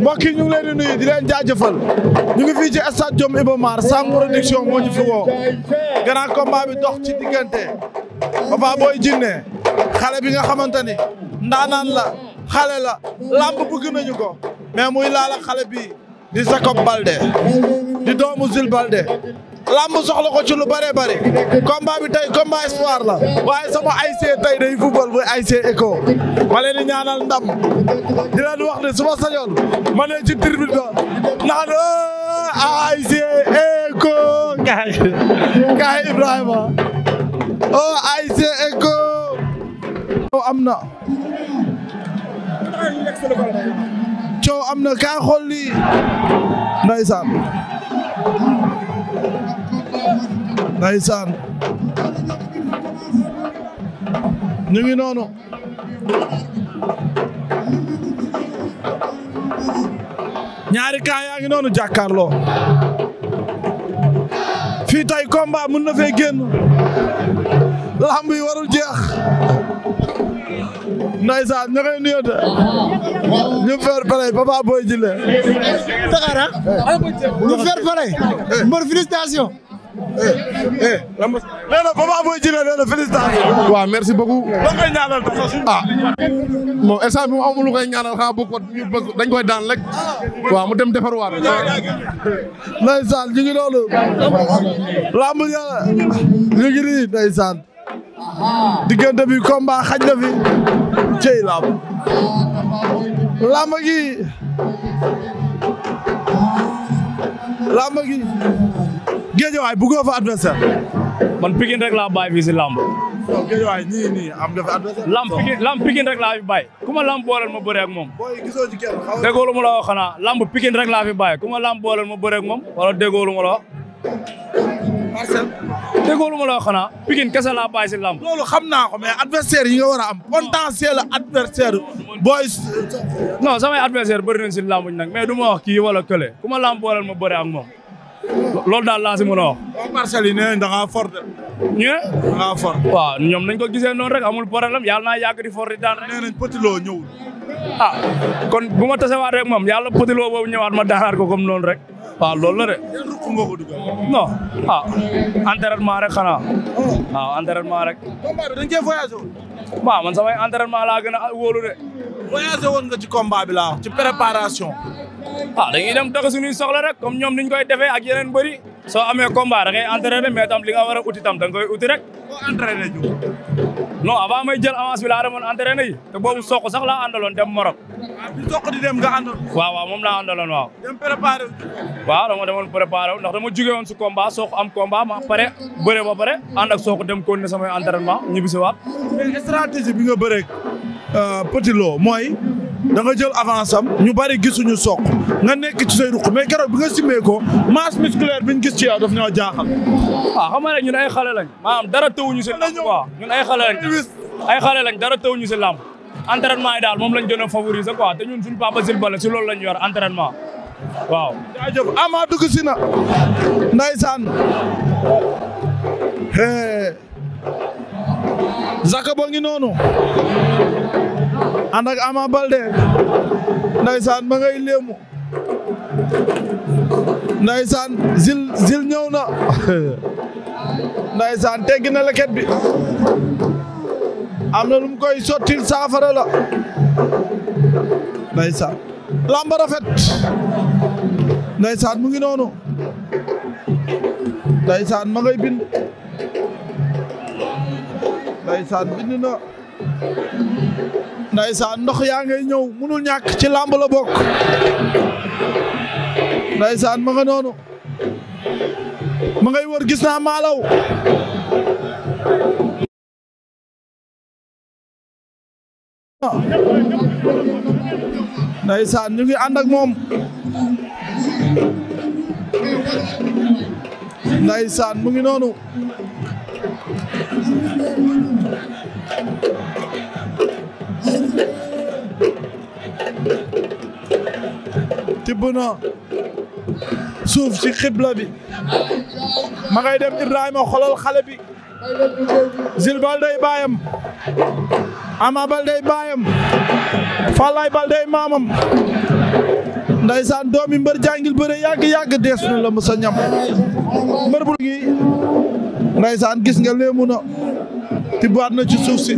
mbokk yi ñu ngi leen di nuyu di leen jaajëfal ñu ngi fii ci stade Diom Iba Mar Sam production moo ñu fi woo grand combat bi dox ci diggante Papa Boy Djiné xale bi nga xamante ni ndaanaan la xale la làmb bëgg nañu ko mais muy laala xale bi di Jacob Balde di doomu Zil Balde lamb soxla ko ci lu bare bare combat bi tey combat espoir la waaye sama ASC tey day football bu ASC Eco ma leen ñaanal ndam di leen wax ne ma ne ci tribune ba naan ASC ah, Eco kaay kaay Ibrahima o oh, ASC Eco coow am na coow am na ndeysaan ñu ngi noonu ñaari ka yaa ngi noonu jàkkaarloo fii tey combat mën na fee génn lamb yi warul jeex ndeysaan ñu koy nuyu de ñu fair play Papa Boy Djiné mbër félicitation Eh, eh, nee na Papa Boy Djiné nee na félicitation. waaw merci beaucoup. lan ngay ñaanal ah moom instant bi mu amul lu koy ñaanal xanaa bokk ñu bëgg dañ koy daan rek waaw mu dem defarwaat. ndeysaan ñu ngi noonu. lamb ja ñu ngi nii ndeysaan. diggante bi combat xaj na fi. cey lamb. lamb gi. lamb gi. géejewaay bëggoo fa adversaire. man Pikine rek laa bàyyi fii si lamb. am nga fa adversaire. lamb Pikine lamb Pikine rek laa fi bàyyi. ku ma lamb booleel ma bëree ak moom. booy gisoo ci ma la xanaa lamb Pikine rek laa fi bàyyi ku ma lamb booleel ma bëree ak moom wala déggoo ma la ma la xanaa Pikine kese laa bàyyi si lamb. loolu xam naa ko mais adversaire yi nga war am. potentiel adversaire booy. non samay adversaire bëri nañ si lamb nag mais du ma wax kii wala kële ku ma lamb booleel ma bëree ak moom. loolu daal laa si mën a wax. waa parcelles yi nee nañ da ngaa fort. ñu ne. da ngaa fort waaw ñoom nañ ko gisee noonu rek amul problème yàlla naa yàgg di fort di daan rek. nee nañ Petit Lo ñëwul. ah kon bu ma tasewaat rek moom yàlla Petit Lo boobu ñëwaat ma daanaat ko comme noonu rek. waaw loolu la de. non ah entraînement rek xanaa. waaw entraînement rek. combat bi dañ cee voyagé woon. waaw man samay entraînement laa gën a wóolu de. voyagé woon nga ci combat bi laa wax ci préparation. ah dañuy dem dox suñuy soxla rek comme ñoom niñ koy defee ak yeneen bëri. soo amee combat da ngay entraîné mais tam li nga war a uti tam da nga uti rek. boo a ñu. non avant may jël avance bi laa demoon entraîné yi te boobu soq sax laa àndaloon dem Maroc. ah bi soq di dem nga àndaloon. waaw waaw moom laa àndaloon waaw. dem préparé wu. waaw dama demoon préparé wu ndax dama jugee woon su combat soq am combat ma pare bëre ba pare ànd ak soq dem continuer samay entraînement ñibbisiwaat. mais stratégie bi nga bëreeg euh, Petit Lo mooy da jël avance am ñu bari gisuñu soq nga nekk ci say ruq mais keroog bi nga simmee ko masse musculaire bi ñu gis ci yow daf ñoo jaaxal. waaw ah, xam nga ne ñun ay xale lañ. maanaam dara tëwuñu si làmb quoi ñun ay xale lañ. ay xale lañ dara tëwuñu si làmb. entraînement yi daal moom lañ doon favoriser quoi te ñun suñu papa Silbale si loolu lañ yor entraînement waaw. jaajëf Ama dugg si na. ndeysaan. Zaka ba ngi noonu ànd ak Ama Balde ndaysaan ma ngay léemu ndaysaan zil zil ñëw na ndaysaan teggi na leket bi am na lu koy sottil saafara la ndaysaan lamba rafet ndaysaan mu ngi noonu ndaysaan ma ngay bind ndaysaan bind ndox yaa ngay ñëw munul ñàkk ci làmb la bokk ndaysaan ma noonu ma ngay wër gis naa maalaw ndaysaan ñu ngi ànd ak moom ndaysaan mu ngi noonu tibb na suuf si xibla bi ma ngay dem Ibrahima xolal xale bi Zil Baldé baayam Ama Baldé baayam Falaye Baldé maamam ndaysaan doomi mbër jàngil bëre yàgg yàgg dees na la mësa ñam mbër bu ngi ndaysaan gis nga léemu na tibbaat na ci suuf si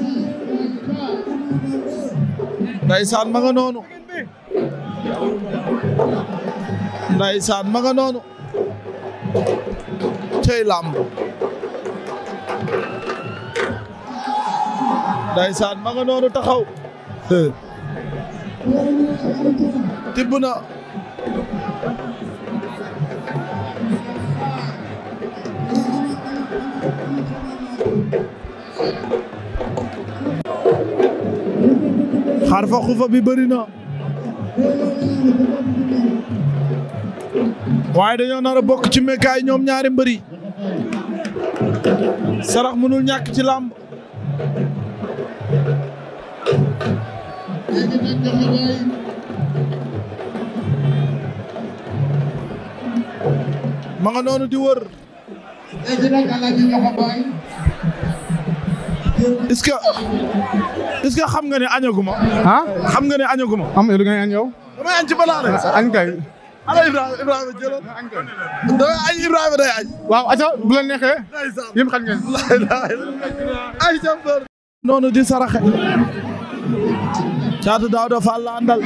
ndaysaan ma nga noonu ndaysaan ma cey làmb ndaysaan ma nga noonu taxaw tibb na xar fa xufa bi bëri na waaye dañoo nar a bokk ci mekaay ñoom ñaari mbëri sarax mënul ñàkk ci làmb ma nga noonu di wër est-ce que est-ce que xam nga ne añaguma. ah xam nga ne añaguma. am na lu ngay añ yow. damay añ ci balaa rek. Ah, añ kay. ala Ibrahima Ibrahima jëloon. añ kay. damay añ Ibrahima day añ. waaw ati bu la neexee. yéen xam ngeen. ay jàmbar. noonu di saraxe. Caatu Daawda Fall la àndal.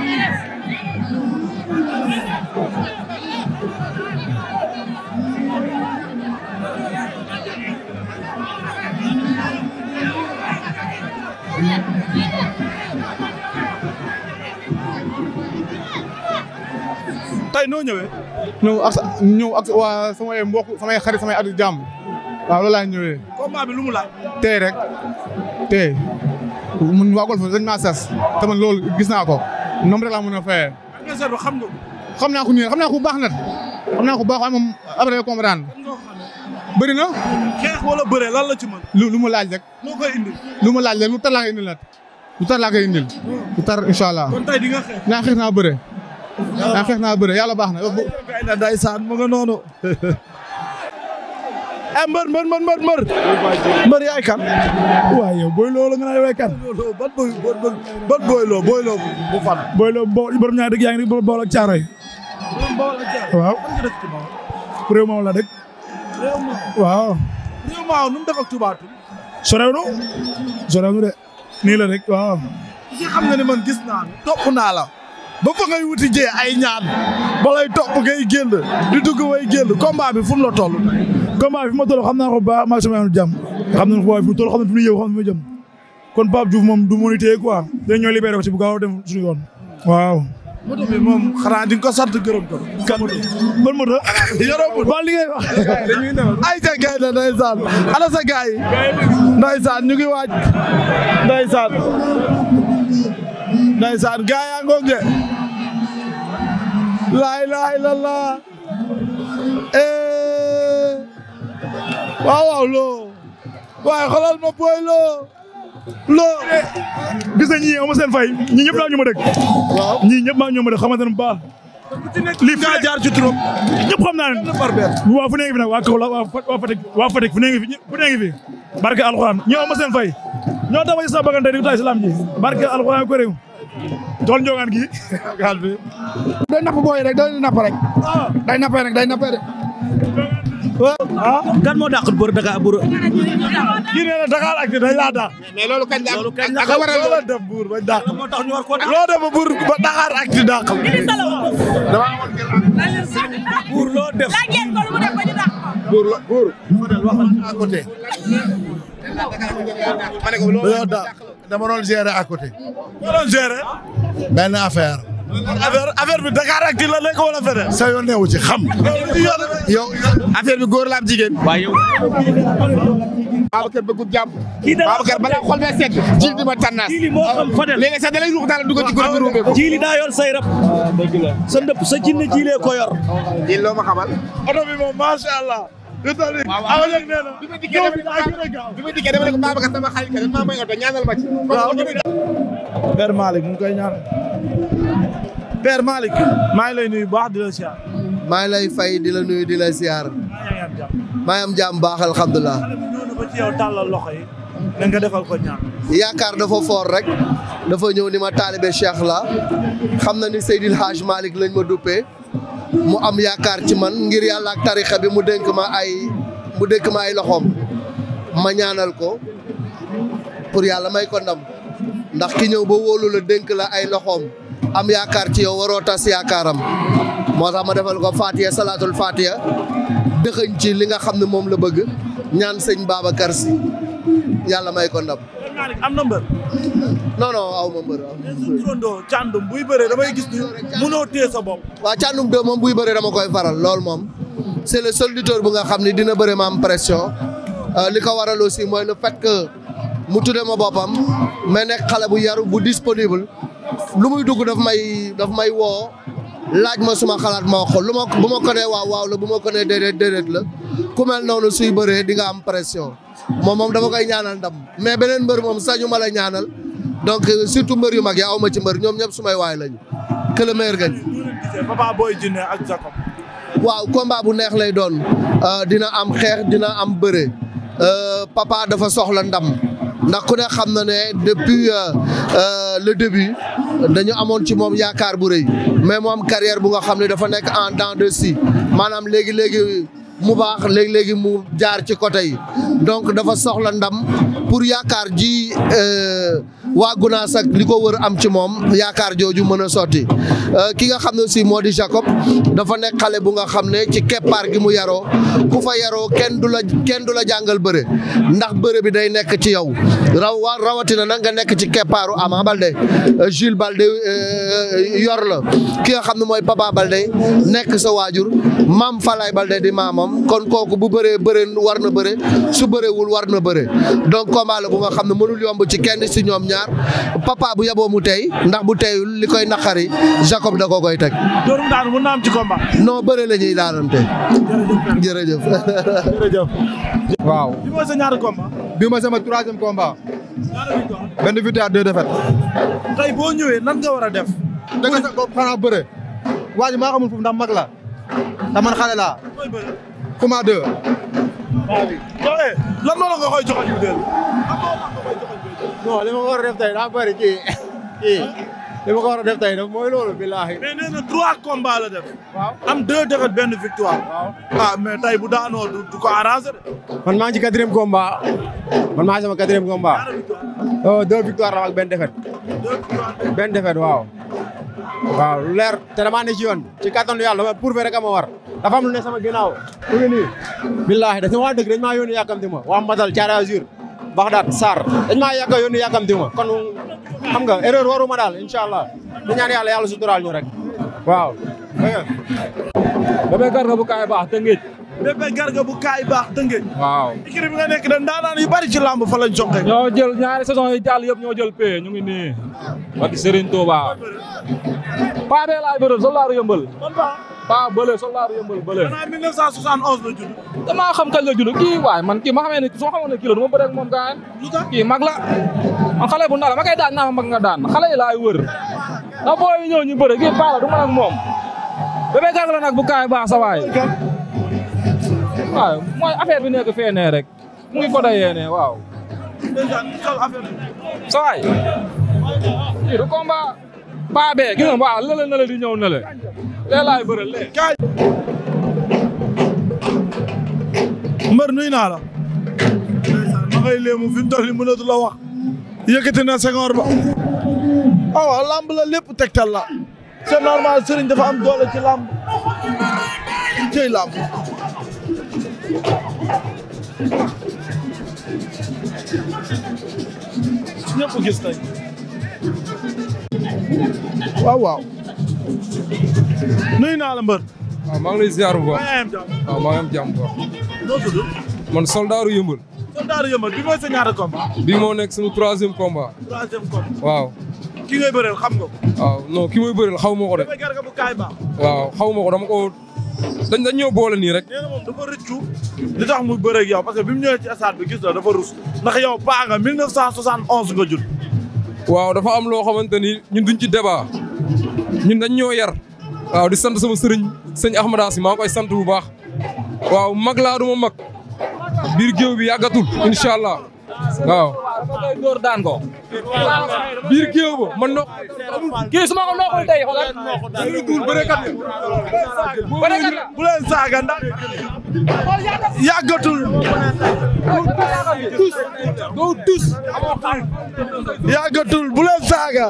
tey noo ñëwee. ñëw ak sa ñëw ak waa samay mbokk samay xarit samay adu jàmm waaw loolu ñëwee. combat rek tey mun waa golf dañ maa sas te man gis naa ko noom rek laa mën a fayee. xam naa ko xam naa ko bu xam naa ko bu moom après comprendre. bëri na. lan la ci mën. lu lu mu laaj rek. moo koy indil. lu mu laaj rek tar laa koy indil nag. lu tar laa koy indil. lu tar incha naa xeex naa bëre. naa xeex naa bëre yàlla baax na. ndeysaan mu nga noonu. ah mbër mbër mbër mbër mbër. mbër yaay kan. waaye yow booy loo la nga naan yaay kan. ban booy ban booy loo booy loo bu fan. booy yaa ngi nii bool ak waaw. réew moom la dëkk. réew waaw. réew maaw tubaatu mu def de nii la rek waaw. ci xam nga ni man gis naa la. topp naa la. ba fa ngay wuti jee ay ñaan balay topp ngay génn di dugg way génn combat bi fu mu la toll. combat bi fu ma toll xam naa ko ba maa sama yoonu xam nañ ko waaye fu mu toll xam nañ fu muy yëw xam nañ fu kon Pape Diouf moom du mën a téye quoi dañ ñoo libéré ko ci bu gaaw dem suñu waaw. moto bi moom xanaa di nga ko sant gërëm ko. kan ban moto. yoroo moto waaw wax. ay sa gars yi ndeysaan ana sa gars yi. ñu ngi waaj. ndeysaan. ndeysaan gars yaa ngoog de. laa ilaaha illallaah. Eh. waaw waaw loo. waaye xoolal ma booy loo. loo gis na ñii ama seen fay ñii ñëpp laa ñu ma dëkk waaw ñii ñëpp maa ñu ma dëkk xamante ne bu a lii fu jaar ci turam ñëpp xam naa ne waa fu ne ngi fi nag waa Kaolack waa Fatick waa Fatick fu ne fi barke alxuraan ñoo ama fay ñoo tax sa bagante di tay islam ji barke alxuraan ko réew tool njogaan gi day napp booy rek day napp rek ah. ah kan moo dàq bëri Dakar buur. kii nee na Dakar ak dañ laa dàq. mais loolu kañ la loolu kañ la ko waral loolu def buur bañ dàq. moo tax ñu war koo dàq loo def ba buur ba Dakar ak di dàq. damaa amoon gerte. buur loo def laajee ko lu mu def ba ñu dàq ko. buur la buur. waxal à côté. ma ne ko loolu dàq dama doon gérer à côté. ma doon gérer. benn affaire. affaire affaire bi Dakaractu la nekk wala feneen. sa yoon newu ci xam. yow affaire bi góor la am jigéen. waaw yow. Babacar bëggul jàmm. kii da Babacar balaa xol bee sedd. ji li ma tànnaas ji li moo xam Fadel. léegi sax da lay ruux daal dugg ci góor bi ruubee ko. ji li daa yor say rab. Ah, sa ndëpp sa jinne jilee ko yor. ji loo ma xamal. oto bi moom macha allah. déetali awa léeg nee na. bi ma dikkee dama ne ko Babacar sama xarit ka maa may oto ñaanal ma ci. waaw Père Malick mu ngi koy ñaan. Père Malick. maa ngi lay nuyu baax di la siyaar. maa ngi lay fay di la nuyu di la siyaar. maa ngi am jàmm baax alhamdulilah. ñëw na ba ci yow tàllal loxo yi. na nga defal ko ñaan. yaakaar dafa foor rek. dafa ñëw ni ma taalibe Cheikh la. xam na ni Seydil Hadj Malick lañ ma duppee. mu am yaakaar ci man ngir yàlla ak tarixa bi mu dénk ma ay mu dénk ma ay loxoom ma ñaanal ko pour yàlla may ko ndam ndax ki ñëw ba wóolu la dénk la ay loxoom am yaakaar ci yow waroo tas yaakaaram moo sax ma defal ko Fatiha salaatul Fatiha dëxëñ ci li nga xam ne moom la bëgg ñaan sëñ Babacar si yàlla may ko ndam. Malick am na mbër. non non aw ma mbër waaw. suñu turandoo càndum buy bëree damay gis ni mënoo téye sa bopp. waaw càndum de moom buy bëree dama koy faral lool moom. c'est le seul lutteur bu nga xam ni dina bëre ma am pression. Euh, li ko waral aussi mooy le fait que mu tudde ma boppam mais nekk xale bu yaru bu disponible lu muy dugg daf may daf may woo. laaj ma suma xalaat ma wax ko lu ma bu ma ko nee waaw waaw la bu ma ko nee déedéet la ku mel noonu suy bëree di nga am pression moom moom dama koy ñaanal ndam mais beneen mbër moom sañu ma la ñaanal donc surtout mbër yu mag yi aw ma ci mbër ñoom ñëpp sumay waay lañ que le meilleur gagne. Papa ak waaw combat bu neex lay doon euh, dina am xeex dina am bëre euh, papa dafa soxla ndam. ndax ku ne xam na ne depuis euh, euh, le début dañu amoon ci moom yaakaar bu rëy mais mu am carrière bu nga xam ne dafa nekk en dents de scie maanaam léegi léegi mu baax léegi léegi mu jaar ci côté yi donc dafa soxla ndam pour yaakaar ji. Euh, waa Gunaas ak li ko wër am ci moom yaakaar jooju mën a sotti euh, ki nga xam ne aussi moo di Jacob dafa nekk xale bu nga xam ne ci keppaar gi mu yaroo ku fa yaroo kenn du la kenn du la jàngal bëre ndax bëre bi day nekk ci yow raw rawatina nag nga nekk ci keppaaru Ama Balde euh, Jules Balde euh, yor la ki nga xam ne mooy Papa Balde nekk sa waajur maam Falaay Balde di maamam kon kooku bu bëree bëre war na bëre su bërewul war na bëre donc combat la bu nga xam ne mënul yomb ci kenn si ñoom ñaar papa bu yaboo mu tey ndax bu teyul li koy naqari Jacob da ko koy teg. dóor mu daan ci combat. non bëre la ñuy daanante. jërëjëf waaw. bi mooy sa ñaari combat. bi mooy sama troisième combat. benn victoire deux défaites. tey boo ñëwee nan nga war a def. da nga sa bopp xanaa bëre. waa ji maa xamul foofu ndax mag la. te xale laa. kuma deux. Eh, non li ma ko war a def daa bëri kii ko war a def tey daf mooy loolu billaahi. mais nee na trois combats la def. waaw am deux défaites benn victoire. waaw ah, bu daanoo du ko arrangé man maa ngi ci komba combat man maa ngi sama quatrième victoire oh, la ak benn défaite. deux victoire waaw. leer te damaa ne ci yoon ci kattanu yàlla dama pourfait rek ama war dafa lu ne sama ginnaaw. mu ngi nii. billaahi dafa maa dëgg dañ maa yónni yàkkamti ma waa Matal Thiaré Azur. Baxdaat Sarr dañ maa yàgg a yónni yàggam diw ma kon xam nga erreur waruma daal incha allah di ñaan yàlla yàlla suturaal ñu rek waaw Bébé Garga bu kaay baax Tëngéej Bébé Garga bu kaay baax Tëngéej waaw i bi nga nekk da ndaanaan yu bari ci làmb fa lañ jonge ñoo jël ñaari saison yi jàll yëpp ñoo jël pay ñu ngi nii barki Serigne Touba laay bërëb solaaru yëmbal paa bële solaaru yëmbal bële. xanaa 1971 la judd. damaa xam kañ la judd kii waay man kii ma xamee ne soo xamoon ne kii la du ma bëreeg moom gaañ. kii mag la. xale bu ndaw la ma koy daan naa mag nga daan xale yi laay wër. na booy ñëw ñu bëre kii la du ma ak moom. bébé gàncax la nag bu kaay baax sa waay. waaw mooy affaire bi nekk fee mu ngi ko dayee ne waaw. dèjà sa waay. kii du combat. paa bee gis nga nuy naa la ma ngay léemu mu toll la wax yëkkati na sengoor ba oh, aw lamb la lépp tegtal la c'est normal sëriñ dafa am doole ci lamb cey lamb waaw waaw. nuyu naa la mbër. maa ngi la ziar bu baax waaw maa ngi am jàmm bu baax. man soldaaru yëmbal. soldaaru yëmbal bi mooy sa ñaata combat. bii moo nekk suñu troisième combat. troisième ba waaw. ki ngay bëreel xam nga waaw non ki may bëreel xaw ma ko de. damay garga bu kaay ma ko dama ko dañ dañ boole nii rek. nee na moom dafa rëccu. li tax mu bëreeg yow parce que bi mu ñëwee ci stade bi gis dafa rus. ndax yow paa nga 1971 waaw dafa am loo xamante ni ñun duñ ci débat ñun dañ ñoo yar waaw di sant suma sëriñ sëñ Ahmada si maa ngi koy sant bu baax waaw mag laa du mag biir géew bi yàggatul incha allah waaw. door daan ko. biir géew ba man noo. kii su ma ko nokkul tey xoolal. bërekat la bu leen saaga ndax. yàggatul. tus doo tus. yàggatul bu leen saaga.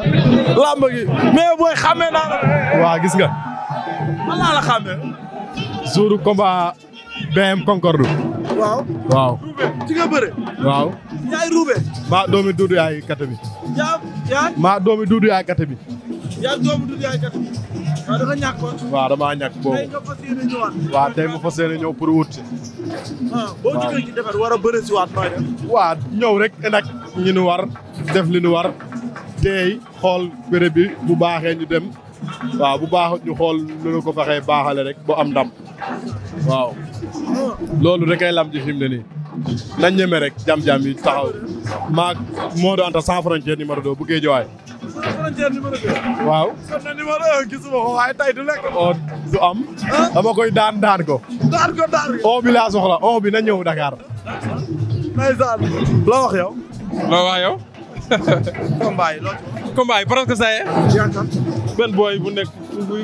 làmb gi mais booy xamee naa la. waaw gis nga. man laa la BM Concorde. waaw waaw. ci nga bëre. waaw. yaay ruube. maa doomi duudu yaay kate bi. yaa yaa. maa doomi duudu yaay kate bi. damaa ñàkk boobu. tey nga fas yéene ñëwaat. waaw tey ma ñëw pour wut. Ah, war a bëre si waat nooy def. rek nag ñu def li nu war tey xool bëre bi bu baaxee ñu dem waaw bu baaxut ñu xool lu nu ko fexee baaxale rek bo am ndam waaw. loolu rek ay lam ji fi mu ne nii nañ ñeme rek jam yi taxaw maag Modou Anta sans frontière numéro 2 bu Guédiawaye. waaw. oo du am. dama koy daan daan ko. daan ko daan ko. na ñëw Dakar. loo wax yow. loo wax yow. combat yi loo benn booy bu nekk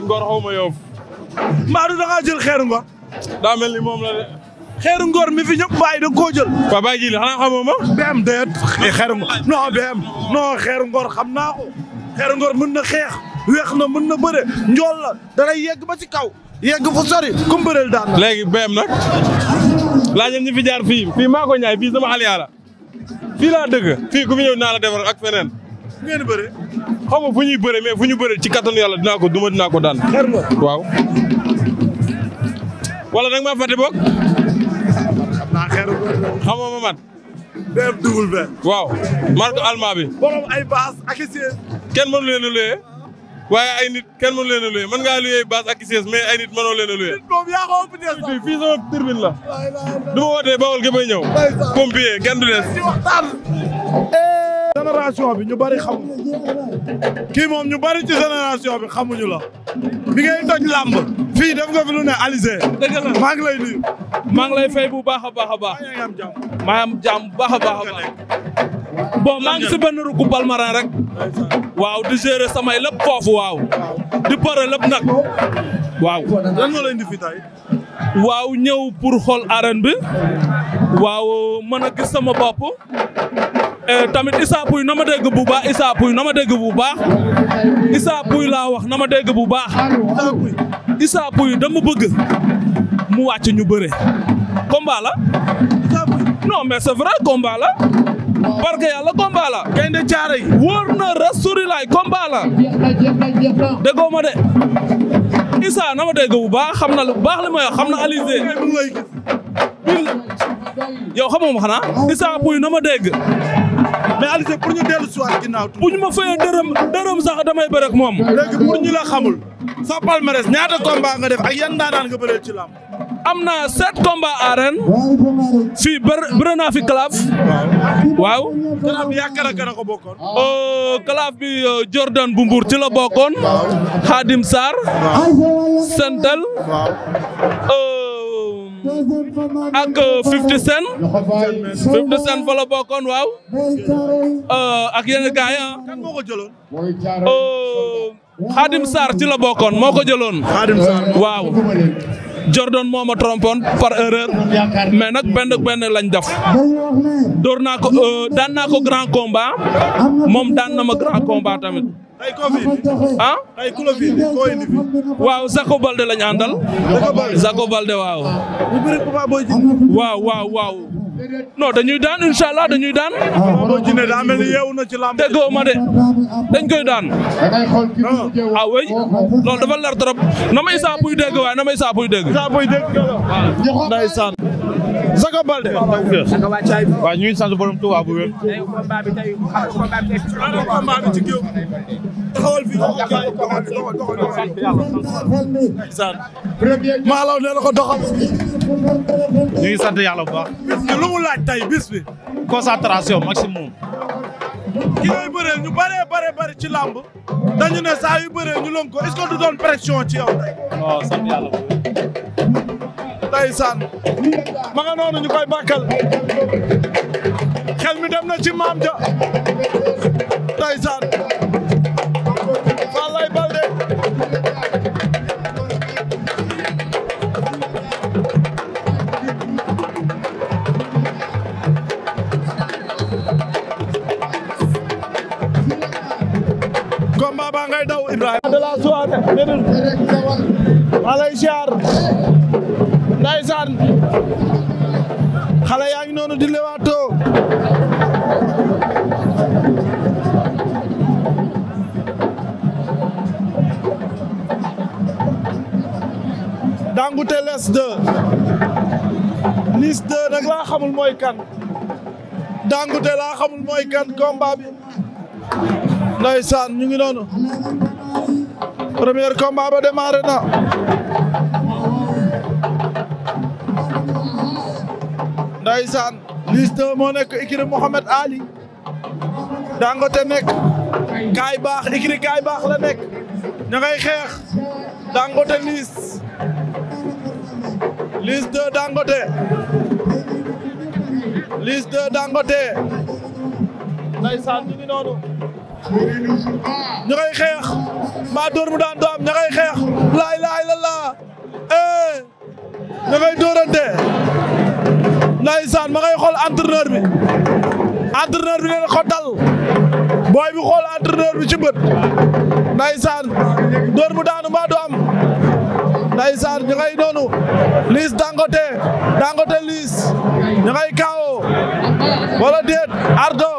Ngor xaw ma yow. Mbaa du da ngaa jël xeeru Ngor. daa mel ni moom la de. xeeru ngóor mi fi ñëpp bàyyi da koo jël. waaw bàyyi ji li ma. BM déet xeeru ngóor non BM non xeeru ngóor xam naa ko mën na xeex weex na mën na bëre njool la dana yegg ba ci kaw yegg fu sori ku mu bëreel daan. léegi BM na laajal ñu fi jaar fii fii maako ko ñaay fii sama aliyaa la fii laa dëgg fii ku fi ñëw naa la defar ak feneen. ngeen bëre. xaw fu ñuy bëre me fu ñu bëre ci kattanu yàlla dinaa ko duma dinaa ko daan. xeeru ngóor waaw. wala nag maa fàtte boog. xam ma mat. waaw marque allemand bi. borom ay baas ak i siège. kenn mënu leen a waaye ay nit kenn mënu leen a luyee mën ngaa luyee baas ak i siège mais ay nit mënoo leen a luyee. fii sama turbine la. du ma wootee Bawol gi bay ñëw. kenn du des. génération bi ñu bari xamu kii moom ñu bari ci génération bi xamuñu la bi ngay toj làmb fii def nga fi ne Alizé dëgg maa ngi lay nuyu maa ngi lay fay bu baax a baax a baax maa ngi am jàmm bu baax a baax bon maa ngi si benn ruku palmarin rek waaw di gérer samay lépp foofu waaw di pare lépp nag waaw. lan moo lay indi waaw ñëw pour xool arène bi waaw mën a gis sama bopp eh, tamit Issa Pouye na ma dégg bu baax Issa Pouye na ma dégg bu baax Issa Pouye laa wax na ma dégg bu baax Issa Pouye dama bëgg mu wàcc ñu bëre combat la non mais c'est vrai barke yàlla combat la. gaynde caare yi. wóor na rasuri laay combat la. de. Issa na ma dégg bu baax xam na lu baax li may wax xam na Alizé. yow xamoo ma xanaa. Issa Pouye na ma dégg. mais Alizé pour ñu dellu si waat ginnaaw tuuti. bu ñu ma fayee dërëm dërëm sax damay bëre ak moom. léegi pour ñu la xamul. sa palmarès ñaata combat nga def ak yan daanaan nga bëree ci lamb. am na sept combats arène fii bëre naa fi Calaf waaw. Calaf bi oh, euh, Jordan bu Mbour ci la bokkoon. Khadim Sarr. Sentel. Oh, ak 50 euh, Cent 50 Cent waaw. Euh, ak yenn gars ah. moo ko jëloon. Oh, Khadim Sarr ci la bokkoon moo ko jëloon. waaw. Jordan moo ma par erreur mais nag benn benn lañ def door naa ko euh, daan naa ko grand combat moom daan na ma grand combat tamit. ay ah? waaw Zako Balde lañ àndal. Zako Balde waaw waaw waaw. non dañuy daan incha allah dañuy daan. Modou Djiné daa mel ni yeewu na ci lamb. déggoo ma de dañ koy daan. ah oui loolu dafa leer trop na may saa buy dégg waaye na may saa buy Zaka Balde. waaw ñu ngi sant borom bu wér. maalaw nee na ko doxal. ñu ngi sant yàlla bu baax. bis bi lu mu laaj tey bis bi. concentration maximum. ki ngay bëree ñu bëree bëree bëri ci làmb dañu ne saa yu bëree ñu lon ko est-ce que du doon pression ci yow tey. non sant yàlla bu tey saan ma nga noonu ñu koy bàkkal xel mi dem na ci maam ja tey saan combat ba ngay daw Ibrahima de la soirée Médoune yaa ngi noonu di lewaatoo Dangote Less 2 Liss 2 nag laa xamul mooy kan Dangote laa xamul mooy kan komba bi ndeysaan ñu ngi noonu premier combat ba démarré na ndeysaan Liss 2 moo nekk ikiri Mouhamed Ali Dangote nekk kaay baax ikiri kaay nekk ña xeex Liss 2 Dangote Liss 2 Dangote ndeysaan ñu ngi noonu ñu ngay xeex maa dóor mu daan doom ña ngay xeex laa ilaaha illallaah eh ña ngay dóorante ndeysaan ma ngay xool entraîneur bi entraîneur bi leen ko dal booy bi xool entraîneur bi ci bët ndeysaan dóor mu daanu maa du ndeysaan ñu ngay noonu Liss Dangote Dangote Liss ñu ngay wala déet ardo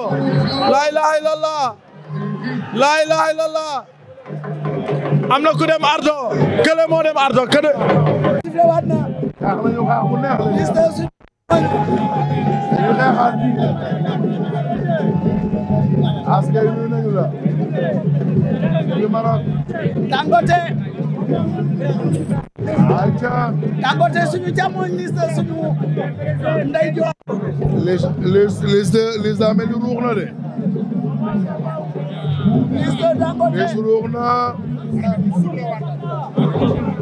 laa ilaha illallah laa am na ku dem ardo kële moo dem ardo Dangote suñu jamono liste suñu ndeyjoor. liste liste liste amee di ruux na de. liste Dangote liste ruux na.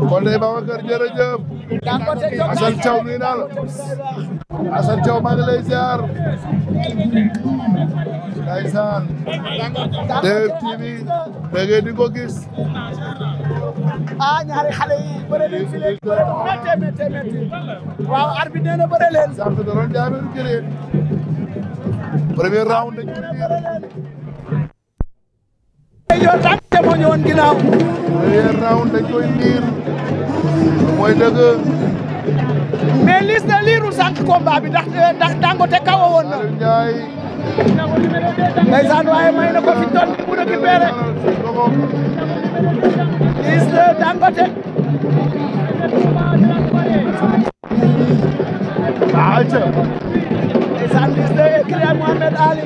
kon de Babacar jërëjëf. Dangote jokkoo ak Assane Thiaw nuyu naa la. Assane Thiaw maa ngi lay ziar. ndeysaan. DTV da ngeen di ko gis. ah ñaari xale yi bëre leen si léegi bëre bu méttee leen. sant da doon jaamee du premier round dañu ko niir. mooy dëgg. mais liis na liirul sànq combat bi ndax ndax Dangote kawo woon na. Liss Dangote aca ndeysaan Liss écrire Mohamed Ali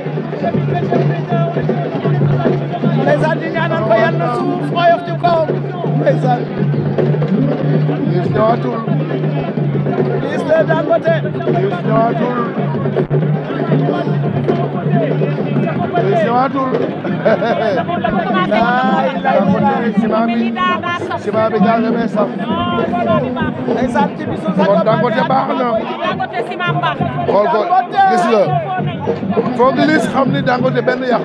ndeysaan di ñaanal ko yal na suuf oyof ci kawam ndeysaan Liss ñëwatul Liss Dangote Liss ñëwatul simatul sima bi jaaga me saf ndeysaan ci bisu kon Dangote baax na xool ko gis nga foog lis xam ni Dangote benn yax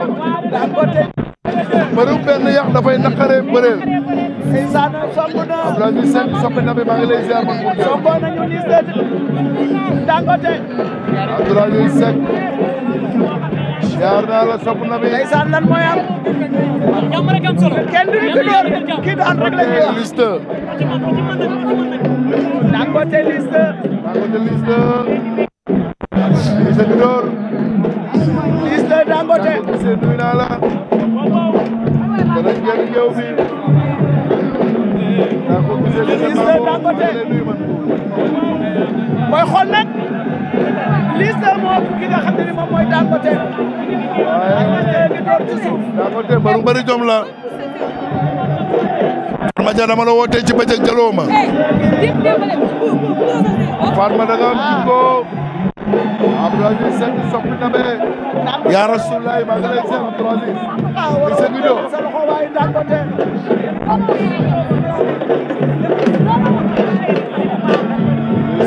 bëru benn yax dafay naqaree bëreel ndeysaan somb na Abdoulaye Diouf Sène soppe na bi maa ngi lay ziar ma sombo nañu lis Dangote Abdoulaye Diouf Sène yaar naa la sopp na bi ndeysaan lan mooy am jàmm rek am solo kenn duñu ko door kii daan rek la ñuy wax liste Dangote liste Dangote liste liste du door liste Dangote liste nuyu naa la danañ génn géew bi liste Dangote mooy xool nag liis na moo ëpp ki nga xam ne ci suuf. Dangote mbaru mbari jom la. Fatma Dia dama la wootee ci bëccëg jëloo ma. Fatma da nga am ko. Abdoulaye Diouf soppi na be. yaa Rasulaay maa ngi lay seen Abdoulaye.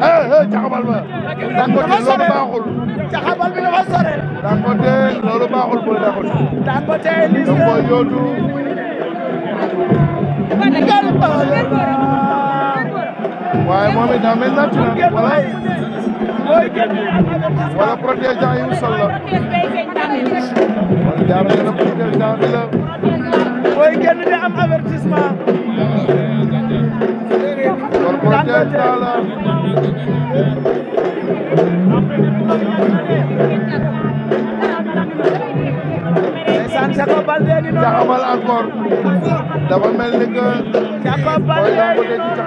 eh caxabal ma. Dangote loolu baaxul. caxabal bi dafa sore. Dangote loolu baaxul mooy Dangote. Dangote Liss. da koy yóotu. waaye moom itam mel na tuuti wala. wala protégeant yi mu sol la. wala jaarale na protégeant bi la. booy génn di am avertissement. ndeysaan Jacob Baldé di noonu jaxamal encore dafa mel ni que. Jacob Baldé di noonu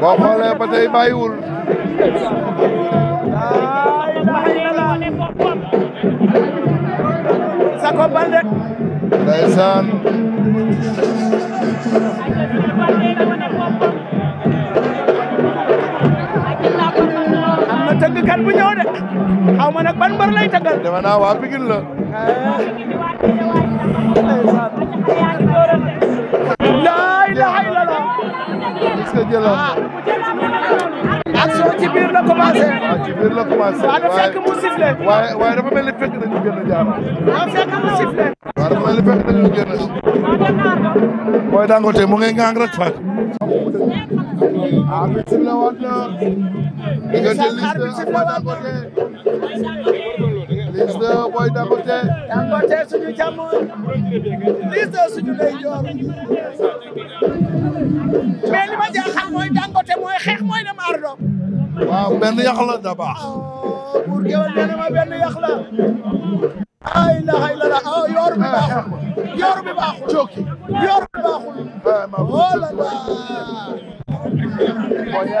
boo xoolee ba tey bàyyiwul. ko Baldé ndeysaan am na tëggkat bu ñëw de xaw ma nag ban mbër lay tëggal dama naa waa Pikine la ci biir la commencé. waaw ah, ci biir la commencé. waaw ah, dafa fekk mu waaye waaye dafa mel ni fekk nañu génn jaar. Ah, mu sifflé. waaw dafa mel ni fekk nañu Dangote mu ngi ngang rek Fatou. ah bi sifflé Dangote. Liss 2 mooy Dangote. Dangote suñu càmmoñ. Liss 2 suñu Dangote. mooy xeex mooy dem ardo waaw benn yax la da baax oh, buur géwél nee na ma benn yax la ay la ay la la oh, yoor bi baaxul yoor bi baaxul cooki yoor bi baaxul wala ah, oh la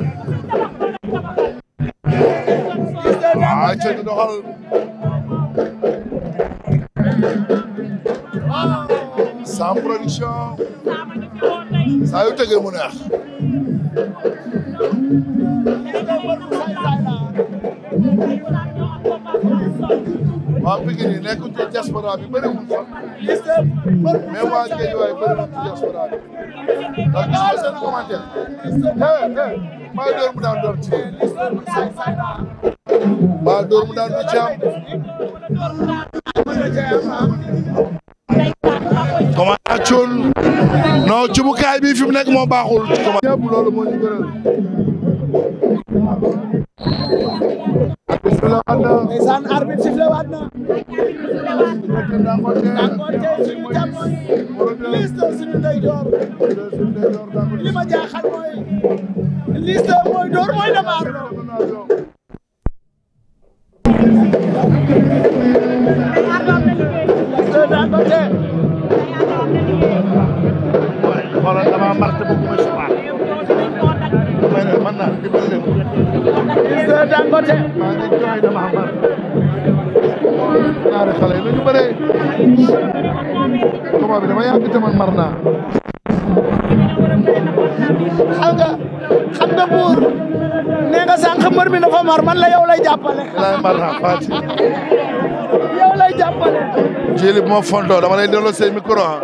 waaw ci di doxal Sam Production saa yu tëggee mu neex waa Pikine yi nekk ci diaspora bi bëri mu fa mais waa Géej waay bëri mu ci diaspora bi ndax gis nga seen commentaire hey hey maa ngi door mu daan door ci daa dóor mu daan du caam. commencé cóol non cubukaay bi fi mu nekk moo baaxul. ñëpp loolu moo ñu gënal. ndeysaan arbitre sifflé waat na. Lister suñu ndeyjoor. li ma jaaxal mooy Lister mooy door mooy Marna. Xam nga xam nga buur nee nga sànq mbër mi dafa mar man la yow lay jàppale. laay lay jàppale. jëli bu ma fontoo dama lay delloo say micro ah.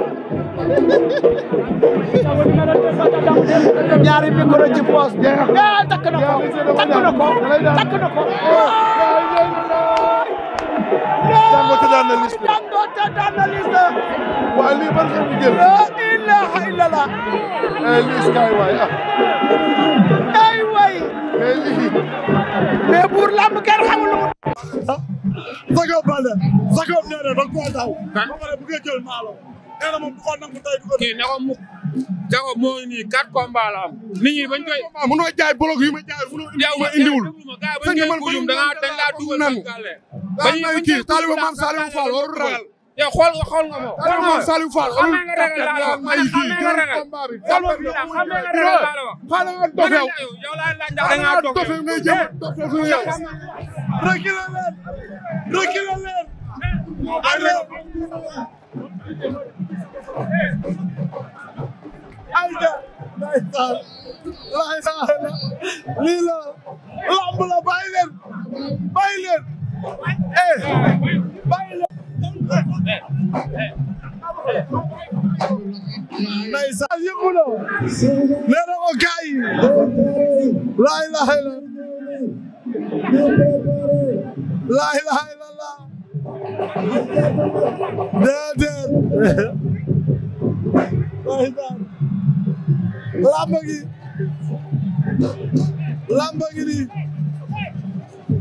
ñaari micro ci poos. Eh, takk na takk na takk na Dangote daan na Liss de. Dangote daan na Liss de. waaye lii ban xeetu jël. laa ilaaha illallah. Liss kaay waay ah. kaay waay. mais lii. mais buur làmb kenn xamul lu mu. ah Sakho kii ne ko mu. jago mooy nii jaay bolok yu jaay mënoo indiwul. yow ma indiwul. sëñ bi man bëriwul da ba ñuy bu ñu taaliba maam Saliou Fall warul ragal. yow xool nga ndeysaan yëngu na nee na ko kaay laa ilaha illa laa ilaha illa laa déedéet ndeysaan lamba gi lamba gi nii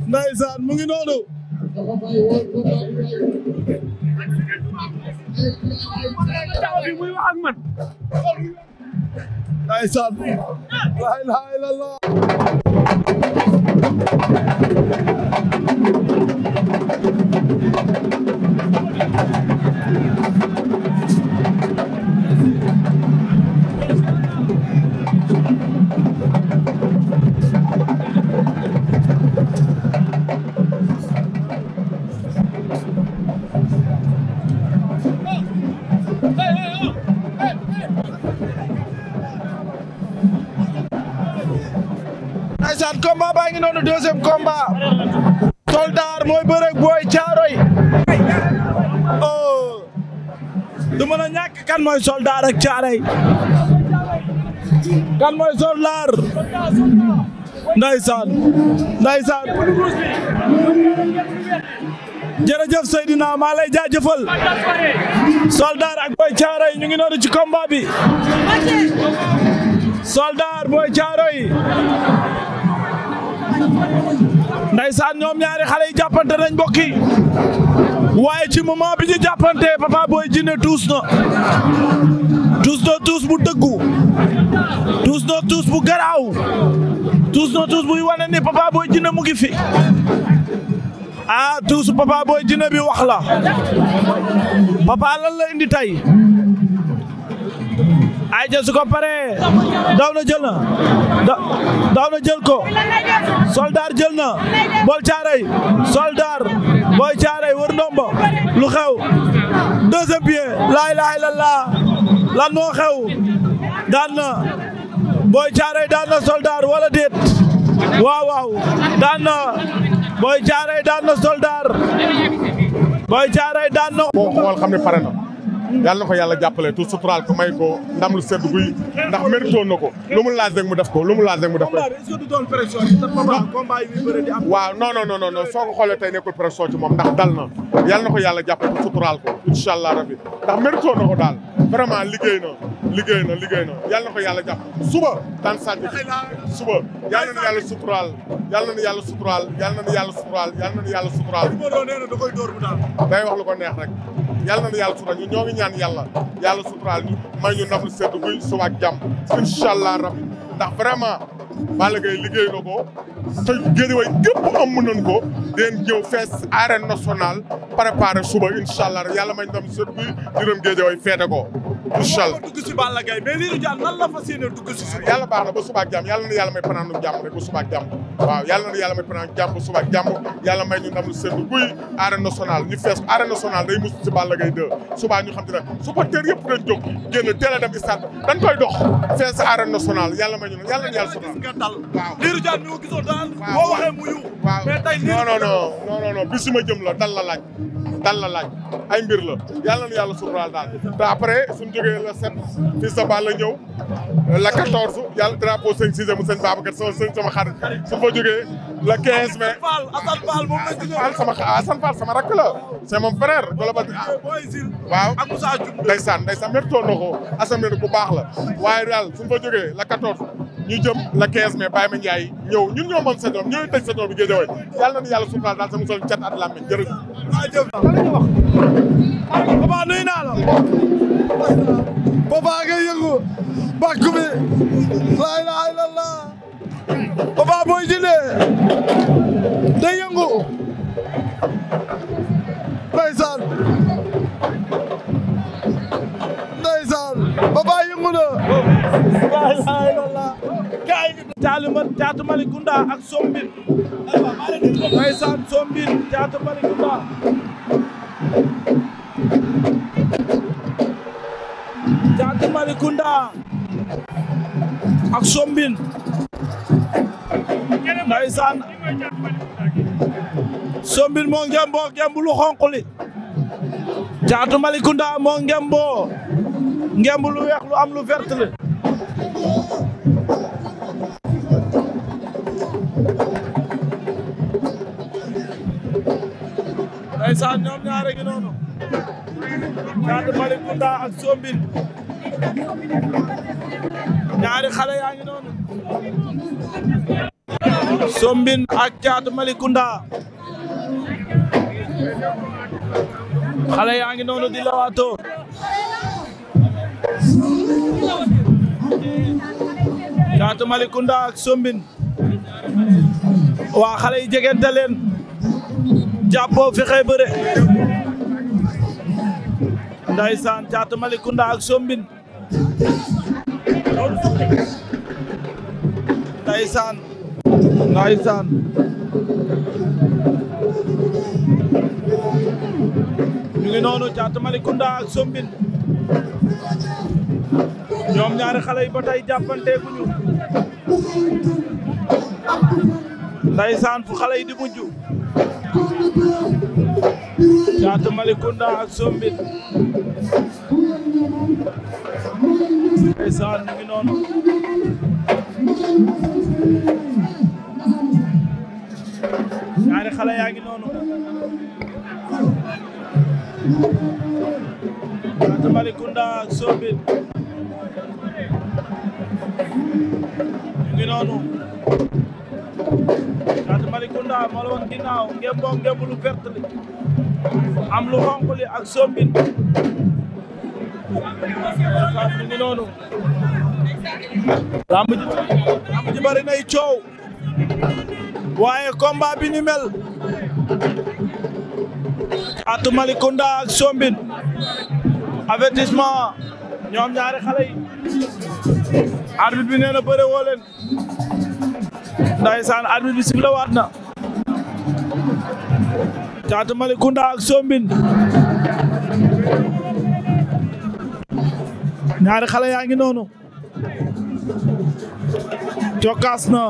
Ndeysaan mu ngi noonu. taxaw ngi noonu deuxième combat Soldar mooy bërëg booy caaroy oh du mën a ñàkk kan mooy Soldar ak caaroy kan mooy Soldar ndeysaan ndeysaan jërëjëf Seydina maa lay jaajëfal Soldar ak Boy Thiaroy ñu ngi noonu ci combat bi Soldar Boy Thiaroy ndeysaan ñoom ñaari xale yi jàppante nañ mbokk yi waaye ci moment bi ñu jàppante Papa booy Djiné tuus na tuus na tuus bu dëggu tuus na tuus bu garaaw tuus na tuus buy wane ni Papa Boy Djiné mu gi fi ah tuusu Papa Boy Djiné bi wax la papa indi tey ay ja su ko paree daw na jël na daw na jël ko soldar jël na bol caaray soldar booy caaray wër ndombo lu xew deuxième laay laay la laa lan moo xew daan na booy caaray daan na soldar wala déet waaw waaw daan na booy caaray daan na soldar booy caaray daan na yàlla na ko yàlla jàppale tu suturaal ko may ko ndam lu sedd guy ndax mérito na ko lu mu laaj rek mu def ko lu mu laaj rek mu def ko. waaw non non non non soo ko xoolee tey nekkul pression ci moom ndax dal na yàlla na ko yàlla jàppale ko suturaal ko incha allah rabbi ndax mérito na ko daal vraiment liggéey na liggéey na liggéey noo yàlla na ko yàlla jàpp suba daan Sadio suba yàlla na yàlla suturaal yàlla na yàlla suturaal yàlla na yàlla suturaal yàlla na yàlla suturaal. li ma doon nee na da koy door mu ko neex na yàlla suturaal ñu ñoo ngi ñaan yàlla yàlla suturaal ñu may ñu naful sedd guy suba jàmm incha rabbi ndax vraiment. Balla Gaye liggéey na ko te Guédiawaye gépp am nañ ko deen ñëw fees arène nationale préparé suba incha allah yàlla may ndam sët bi ñu dem Guédiawaye feete ko incha allah dugg si Balla Gaye mais Lirou Diane nan la fas yéene dugg si suba yàlla baax na ba suba ak jàmm na yàlla may panaan nu jàmm rek ba suba ak jàmm waaw yàlla na yàlla suba ak ñu ndam sët buy arène nationale ñu fees day mus si Balla Gaye suba ñu xam te ne supporter yëpp dañ jóg génn teel a dem stade dañ ngeen dal. waaw mi ko gisoon daal. waaw boo waxee mu yuuxu. waaw ma jëm la dal la laaj. dal la laaj ay mbir la yàlla na yàlla suturaal daal te après suñu jógee la set fii sa baal la ñëw la 14 yàlla drapeau sëñ Cissé mu sëñ Babacar sama sëñ sama xarit su fa jógee la 15 mai Assane Fall moom lañ Fall sama Assane Fall sama rakk la c'est mon frère global ah, waaw ndeysaan la waaye daal suñu fa jógee la 14 ñu jëm la 15 mai Baye Mandiaye ñëw ñun ñoo moom saison ñooy tëj saison bi Guédiawaye yàlla na ñu yàlla suufal daal sama sol cat at làmmiñ jërëjëf. jërëjëf. papa nuyu naa la. papa nga yëngu bàkk bi. la ilaha illallah. papa booy jëlee. day yëngu. Papa yëngu na. kaay bi. Thiatou Mal Thiatou ak Sombine. ndeysaan Sombine Thiatou Malicounda. Thiatou Malicounda ak Sombine. ndeysaan Sombine moo ngemboo ngemb lu xonq li. moo ngemboo. ngemb lu weex lu am lu vert la ndeysaan ñoom noonu Caatu ak Sombine ñaari xale yaa ngi noonu yaa ngi noonu di lawaatoo Caatu Malicounda ak Sombine waa xale yi jegente leen jàppoo fexe bëre ndaysaan Caatu Malicounda ak Sombine ndaysaan ndaysaan ñu ñoom ñaari xale yi ba tey jàppanteeguñu ndaysaan fu xale yi di mujj Caatu Malikounda ak Sombit ndaysaan ñu ngi ñaari xale yaa ngi noonu diggante Malicounda ak Sombine ñu ngi noonu diggante Malicounda moo la woon ginnaaw ngeen boo am lu xonq ak Sombine ñu ngi noonu lamb waaye combat bi ni mel Caatu ak Sombine avertissement ñoom ñaari xale yi arbitre bi nee na bëre woo leen ndaysaan arbitre bi sifflé waat na Caatu Malicounda ak ñaari xale yaa ngi noonu cokkaas na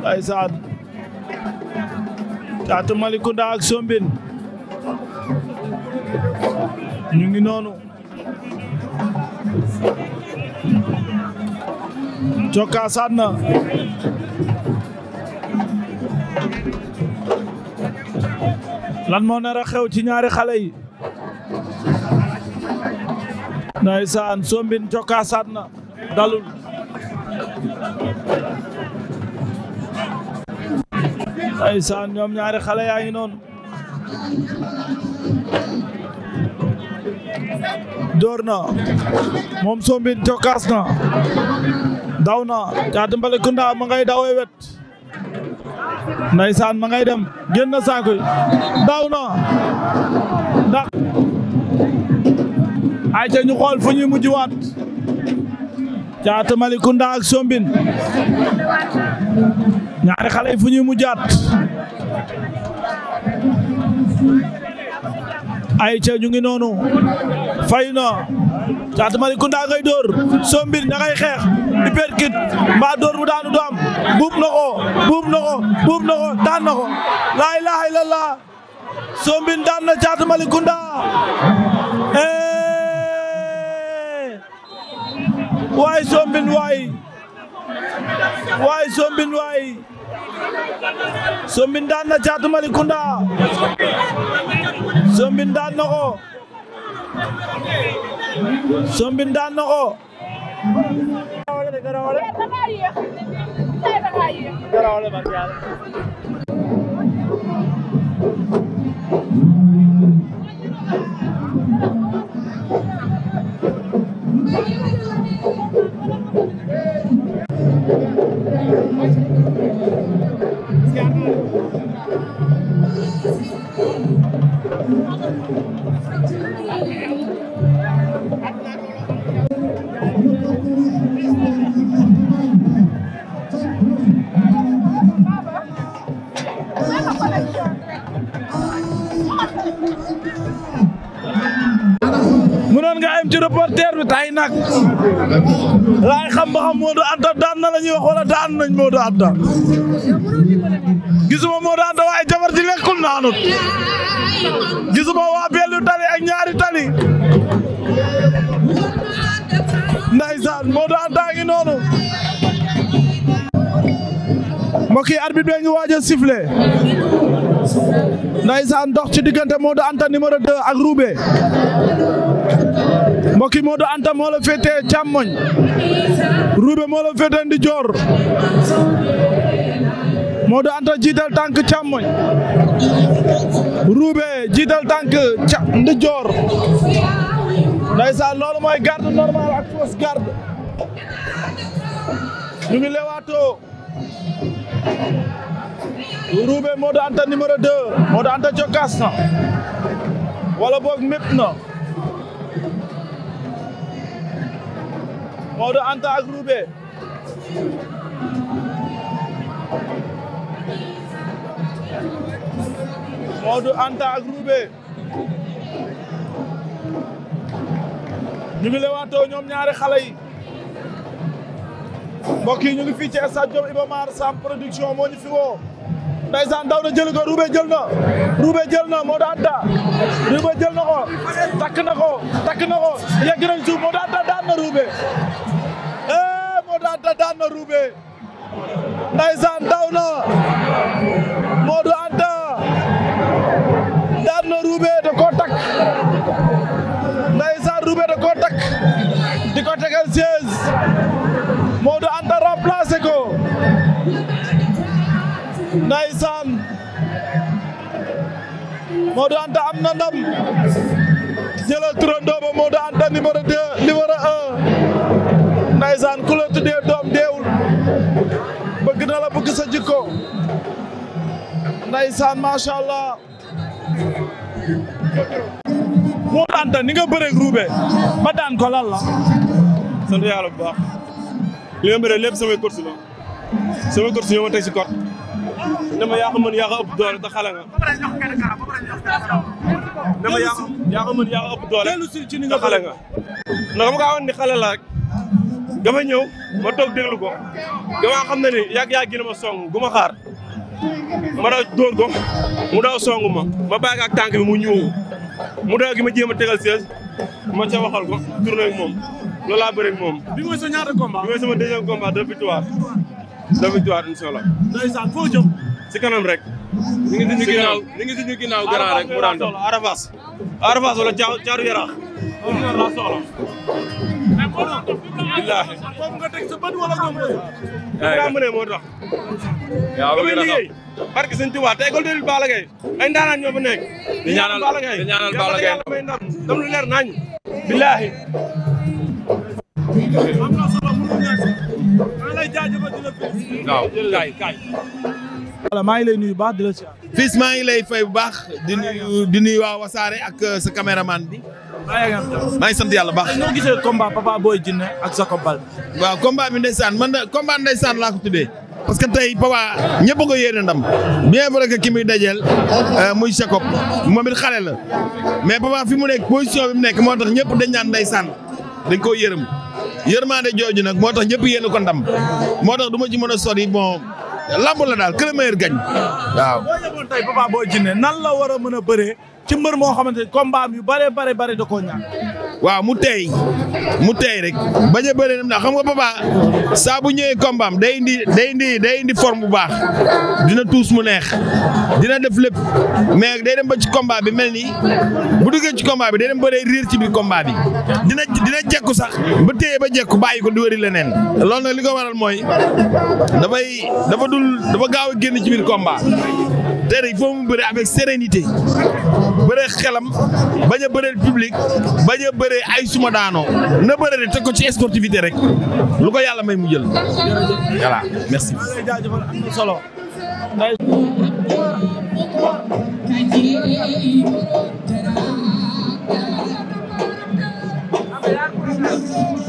ndaysaan Caatu Malicounda ak Sombine ñu ngi noonu cokkaasaat na lan moo nar xew ci ñaari xale yi ndaysaan sombin cokkaasaat na dalul ndaysaan ñoom ñaari xale yaa ngi noonu door moom Sombine jokkaas na daw na Caatu Mbalikunda ma ngay daawee wet ndaysaan ma ngay dem génn na saaku yi daw da ay ca ñu xool fu ñuy mujj waat Caatu Mbalikunda ak Sombine ñaari xale ay ca ngi noonu fay na Caatu Malicounda dóor sombir ña ngay xeex di perkit mbaa dóor bu daanu du buub na buub na daan na laa ilaaha illallah sombir daan na Caatu Malicounda waay sombir waay waay sombir waay Sombine Caatu Malicounda Sombine daan supporter bi tay nag laay xam ba Anta daan na la ñuy wax wala daan nañ Modou Anta gisuma Anta waaye jabar ji lekkul naanut gisuma waa bellu tali ak ñaari tali ndaysaan Modou Anta ngi noonu mbokk yi arbitre ngi waaj a sifflé ndaysaan dox ci diggante Modou Anta numéro 2 ak Roubé mbokk yi Modou Anta moo la féetee càmmoñ Roubé moo la féetee ndijoor Anta jiital tànk càmmoñ Roubé jiital tànk ca ndijoor ndeysaan loolu mooy garde normal ak fausse garde ñu ngi leewaatoo Roubé Modou Anta numéro 2 Modou Anta jokkaas wala boog mépp Modou Anta ak Roubé Modou Anta ak Roubé ñu ngi lewaatoo ñoom ñaari xale yi mbokk yi ñu ngi fii ci stade Iba Mar Sam production moo ñu fi woo ndeysaan daw na jëli ko ruube jël na ruube jël na moo daan da ruube na ko takk na ko takk na ko yegg nañ suuf moo daan da daan na eh, na ruube ndeysaan daw na moo na ruube da koo takk ndeysaan ruube da koo takk di ko tegal siège moo daan da ko ndeysaan Modou Anta am na ndam jëlal turandoo Anta numéro 2 numéro 1 ndeysaan ku la tuddee doom deewul bëgg na la jikko ndeysaan macha allah Modou Anta ni nga bëreeg ba daan ko la sant yàlla bu baax li nga bëreeg lépp samay course la samay course ne ma yaa ko mën yaa ko ëpp doole te xale nga. ne ma yaa ko yaa ko mën yaa ko ëpp doole te xale ma kaa woon ni xale ñëw ma toog ko. dama xam ne ni yàgg yàgg na ma song gu ma xaar. ma daw dóor ko mu daw song ma ma bàyyi ak tànk bi mu ñëw mu daw gi ma jéem a tegal siège ma ca waxal ko tourné ak moom loolaa bëri moom. bi mooy sa ñaata combat bi mooy sama deuxième combat de victoire. la victoire incha allah. ndeysaan foo wala Thiaw Thiaw billaahi. foofu nga teg sa bët wala ñoom ñooy. yaa ngi moo tax. yaa ngi liggéey. barke sëñ Tuubaa te école de lutte Balla Gaye ay ndaanaan ñoo fa nekk. di ñaanal Balla Gaye di ñaanal Balla waaw kaay kaay. maa ngi lay nuyu baax di la si. fils maa ngi lay fay bu baax. di nuyu di nuyu waa Wasaare ak euh, sa caméraman bi. maa ngi sant yàlla baax. noo gisee combat Papa Boy Djiné ak Jacob Baldé. waaw combat bi ndeysaan man de combat ndeysaan laa ko tuddee. parce que tey Papa ñëpp a ko yéene ndam bien vrai que ki muy dajeel euh, muy Jacob moom it xale la mais Papa fi mu nekk position bi mu nekk moo tax ñëpp dañ naan san dañ koo yërëm. yërmande jooju nag moo tax ñëpp yéen kon ndam moo tax du ma ci mën a sori bon lamb la daal que le meilleur gagne waaw. boo yemoon tey Papa Boy Djiné nan la war a mën a bëree ci mbër moo xamante ni combat yu bare bare bare da koo ñaan waaw mu tey mu tey rek bañ a bëri ndax xam nga papa saa bu ñëwee combat day indi day indi day indi forme bu baax dina tuus mu neex dina def lépp mais day dem ba ci combat bi mel ni bu duggee ci combat bi day dem ba day riir ci biir combat bi dina dina jekku sax ba téye ba jekku bàyyi ko di wëri leneen loolu na li ko waral mooy dafay dafa dul dafa gaaw a génn ci biir combat te il faut mu bëri avec sérénité bëree xelam bañ a bëree public bañ a bëree ay suma daanoo na bëree teg ko ci sportivité rek lu ko yàlla may mu jël merci. solo. Thank you.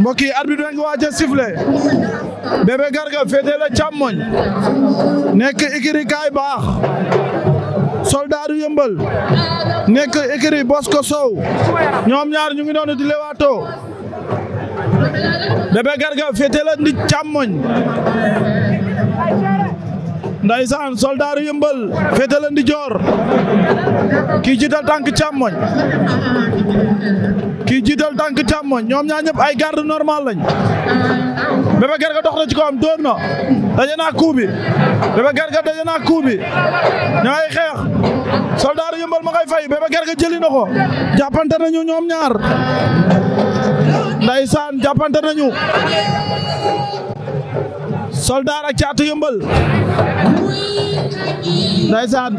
mbokk yi arbitre bi ngi waaj a Garga féete la càmmoñ nekk ikiri kaay baax soldaaru yëmbal nekk ikiri Bosco Sow ñoom ñaar ñu ngi noonu di lewaatoo Bébé Garga féete la ndi càmmoñ ndaysaan soldaaru yëmbal féete leen di joor kii jiital tànk càmmoñ kii jiital tànk càmmoñ ñoom ñaa ñëpp ay garde normal lañ Bébé Garga dox na ci kawam dóor na daje naa kuu bi Bébé Garga daje naa kuu ñoo ngi xeex soldaaru yëmbal ma ngay fay Bébé Garga jëli na ko jàppante nañu ñoom ñaar ndaysaan jàppante nañu soldaar ak caatu yëmbal ndaysaan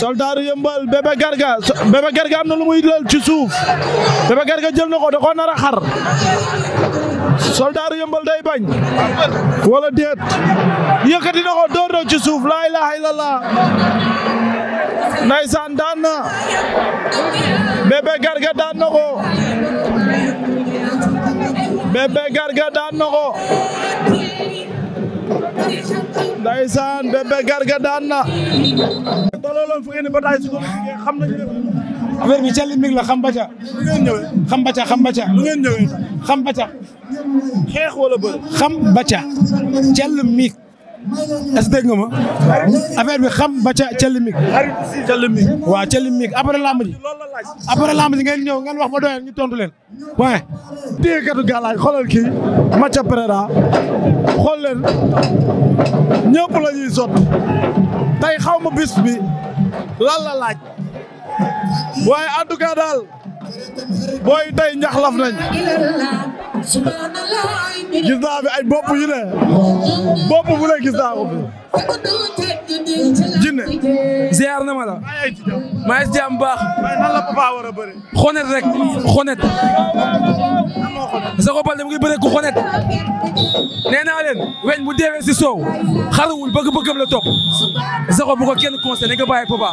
soldaaru yëmbal bébé garga bébé garga am na lu muy lël ci suuf bébé garga jël na ko da koo a xar soldaaru yëmbal day bañ wala déet yëkkati na ko door na ci suuf laa ilaha illallah ndaysaan daan na garga daan na ko bébé garga daan na ko ndaysaan bébé garga daan na tololoon fu ngeen bataay su ko xam nañu affaire bi ca limik la xam ba ca xam ba ca xam ba ca xam ba ca xeex wala bëri xam ba ca ca limik est-ce dégg bi xam ba ca ca limik ca limik waaw ca limik après lamb ji après lamb ji ngeen ñëw ngeen wax ba doyal ñu tontu leen point téye katu gàllaaj xoolal kii Macha Pereira xool leen ñëpp la ñuy sot tey xaw ma bis bi lan la laaj waaye en tout cas daal booy tey njaxlaf nañ gis naa fi ay bopp yu ne bopp bu ne gis naa ko fi jinne ziar na ma la maa ngi ci jàmm baax papa war a bëri xonet rek xonet Zago Baldé mu ngi bëre ku xonet nee naa leen weñ bu deewee si soow xaruwul bëgg-bëggam la topp Zago bu ko kenn conseillé nga bàyyi papa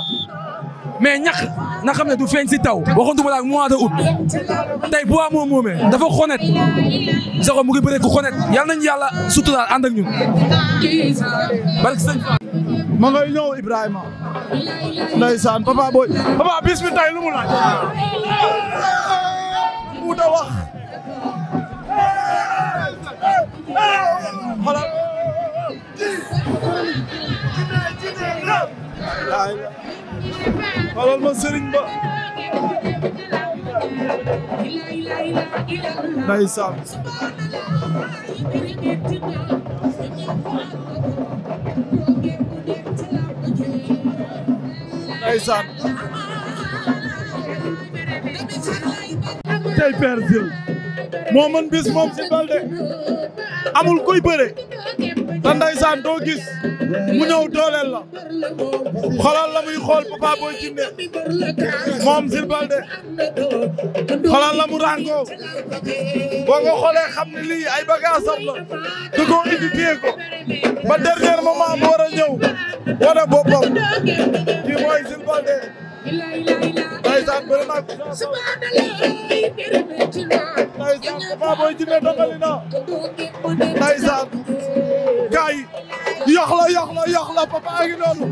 mais ñax na xam ne du feeñ si taw waxantuma la ak mois de août tey bu waa moom moomee dafa xonet Sokh mu ngi bëre ku xonet yàlla nañu yàlla suturaal ànd ak ñun barke ma ngay ñëw Ibrahima ndeysaan papa boy papa bis bi lu mu laaj xoolal ma Serigne Ba. ndeysaan. ndeysaan. tey père bis moom si amul kuy bëre. te ndeysaan doo gis mu ñëw dooleel la xoolal la muy xool Papa Boy moom Jules Baldé xoolal la mu ràngoo boo ko xoolee xam ne lii ay bagaasam la da koo indi téye ko ba dernier moment mu war a ñëw wane boppam kii mooy Jules Baldé ndeysaan bëri na ndeysaan Papa Boy Djiné dogali na ndeysaan gaay yox la yox la yox la papa a ngi noonu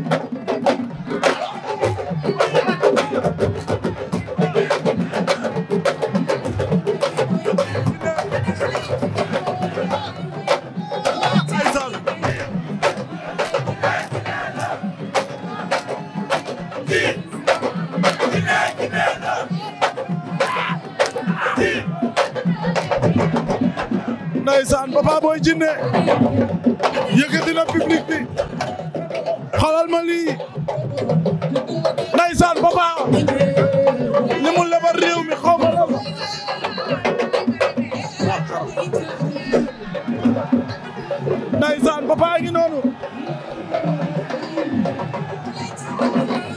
ndeysaan Papa Boy Djiné yëkkati na public bi xalal ma lii ndeysaan Papa ni mu lebal réew mi xaw ma la ndeysaan Papa ngi noonu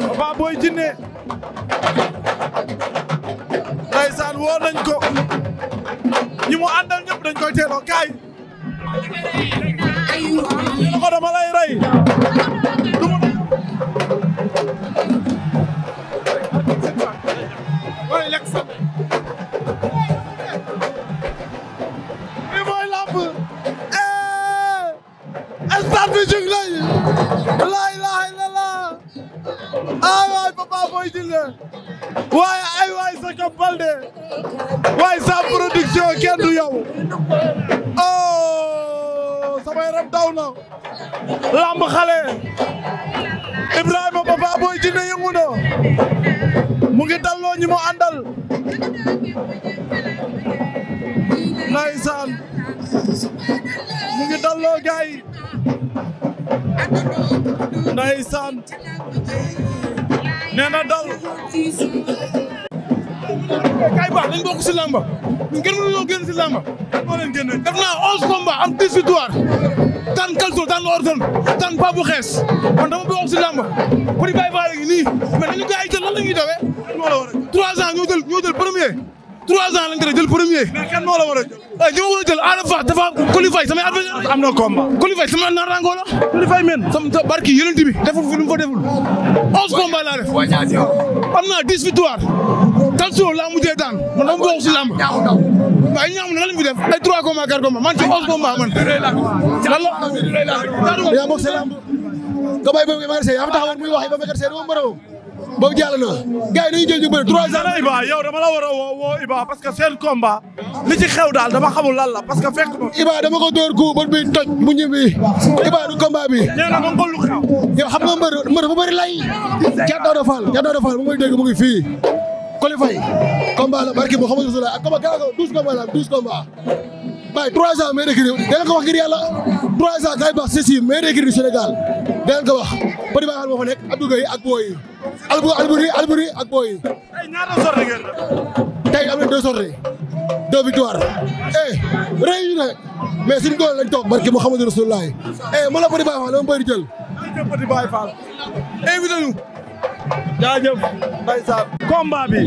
Papa Boy Djiné ndeysaan woo nañ ko ñi mu àndal koy teeloo kaay. ko dama lay rey. lamb xale Ibrahima Papa Boy Djiné yëngu na mu ngi dalloo ñi mu àndal ndeysaan mu ngi dalloo gaay ndeysaan nee na dal kay baax dañ bokk si lamba ñu gën mënuñoo gën si lamba moo leen génn def naa onze combats am dix victoires daan Kalso daan Lorton daan Pape bu Xees man dama bokk si làmb pour di bàyyi baal a ngi nii mais dañu gars yi jël lan la ñuy dawee. 3 ans ñoo jël ñoo jël premier jël premier. a waaye ñi ma war a jël Ada Fass dafa Coly Faye samay adversaire am na combat Coly Faye sama naataangoo la Coly Faye men sama barki yonent bi deful fi lu mu fa deful onze combat laa def am naa dix victoire tal soo laa mujjee daan man dama bokk si làmb waaye ñi nga xam ne lañ fi def ay trois combat quatre combat man ci onze combat man lan boobu jàll na gars yi dañuy jël ñu trois ans. Iba yow dama la war a woo woo Iba parce que seen combat li ci xew daal dama xamul lan la parce que fekk ma. Iba dama ko door ku bët bi toj mu ñibbi Iba du combat bi. yow xam nga mbër mbër bu bëri lay. jàddoo da faal jàddoo da faal mu ngi dégg mu ngi fii. qualifié la barki boo xamante ne la ak combat gàllankoor douze combat la waaye trois ans maire écurie da ngeen ko wax ngir yàlla trois Sénégal da ngeen ko wax Petit Baye Fall moo fa nekk Abdou Gueye ak booy yi Albu Alburi Alburi ak booy yi tey am na deux sorties deux victoires eh réy na mais suñ ko lañ toog barke Muhammadu Rasulullah eh la Petit Baye Fall dama bëri jël Petit jaajëf ndeysaan combat bi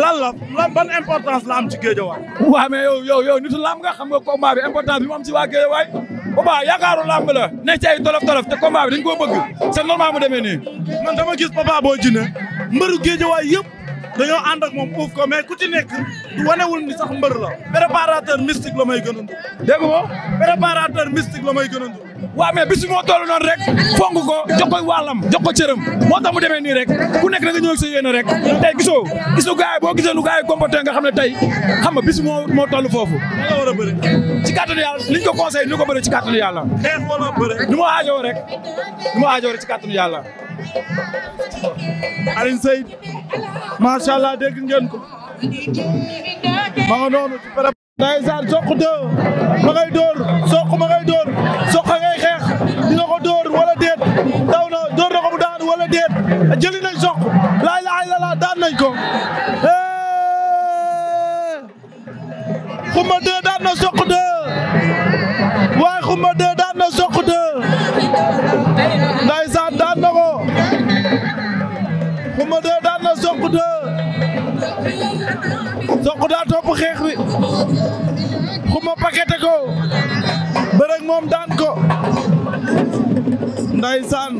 lan la lan ban importance la am ci géejawaay waaw mais yow yow yow nitu lamb nga xam nga combat bi importance bi mu am ci waa géejawaay booba yaakaaru lamb la ne tolof tolof te combat bi dañ koo bëgg c'est normal mu demee nii man dama gis Papa géejawaay yëpp dañoo ànd ak moom uuf ko mais ku ci nekk du wanewul ni sax mbër la préparateur mystique la may gën a dégg nga préparateur mystique la may gën a waaw mais bis bi moo toll noonu rek fonk ko jox ko wàllam jox ko cëram moo tax mu demee nii rek ku nekk da nga ñëw ak rek tey gisoo gisoo gars boo gisee lu gars yi comporté xam ne tey xam nga bis moo moo toll foofu da nga war ci kàttanu yàlla li ñu ko conseillé ñu ko bëri ci kàttanu yàlla xeex wala rek ñu ma aajoo rek ci kàttanu yàlla Alioune Seye macha allah dégg ngeen ko ma nga noonu ci préparation ndeysaan soq dë ma ngay dóor soq ma ngay dóor soq dóor wala déet daw na na ko mu daan wala déet jëli nañ soq laay laay la laa daan nañ ko eh! xumba deux daan na soq deux waaye xumba deux daan na soq deux ndaysaan daan na ko xumba deux daan na soq deux soq daa topp xeex bi xumba paquete ko bërëg moom daan ko ndaysaan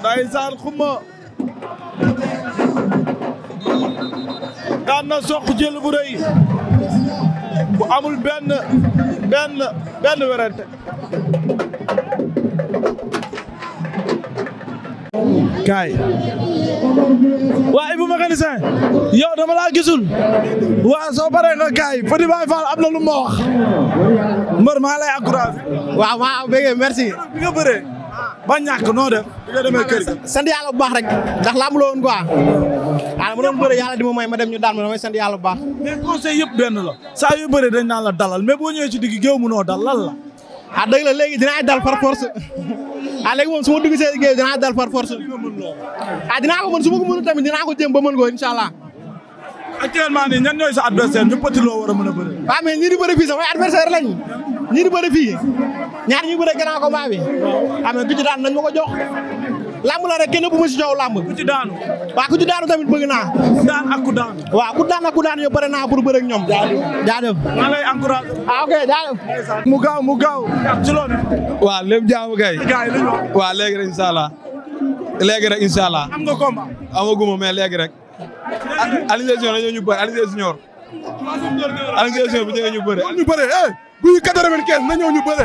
ndaysaan xuma daan na soq jël bu bu amul benn benn benn werante kaay. waa Ibou mécanicien yow dama laa gisul waa soo paree nga kaay Petit Baye Fall am na lu ma wax mbër maa lay encouragé. waaw maa bëggee merci. bi nga ba ñàkk noo def. bi nga demee kër gi ah, sant yàlla bu baax rek ndax laa amuloo woon quoi. waaw ah, ma doon bëri yàlla di ma may ma dem ñu daan ma damay sant yàlla bu baax. mais conseil yëpp benn la saa yu bëree dañ naan la dalal mais boo ñëwee ci digg géew munoo dal la. ah dëgg la léegi dinaa dal par force ah léegi moom su ma dugg see géej dinaa dal par force ah dinaa ko mën su ma ko mënul tamit dinaa ko jéem ba mën ko incha ñan ñooy sa adversaire ñu petit loo war a mën a bëri. waaw ah, mais ñii di bëri fii samay adversaire lañ ñii di bëri fii ñaar ñi bëri grand combat bi ah mais ku daan nañ ma ko jox. làmb la rek kenn bu ma si coow làmb. ku ci daanu. waaw ku ci daanu tamit bëgg naa. ku daan ak ku daanu. waaw ku daan ak ku daanu yow pare naa pour bëre ak ñoom. jaajëf jaajëf. maa lay encouragé. Ah, kay. gars yi lu ñu wax. waaw léegi rek incha allah. léegi rek incha allah. am nga combat. amaguma mais léegi rek. Alioune Seye Junior dañoo ñu bëri Alioune Seye na ñu bëre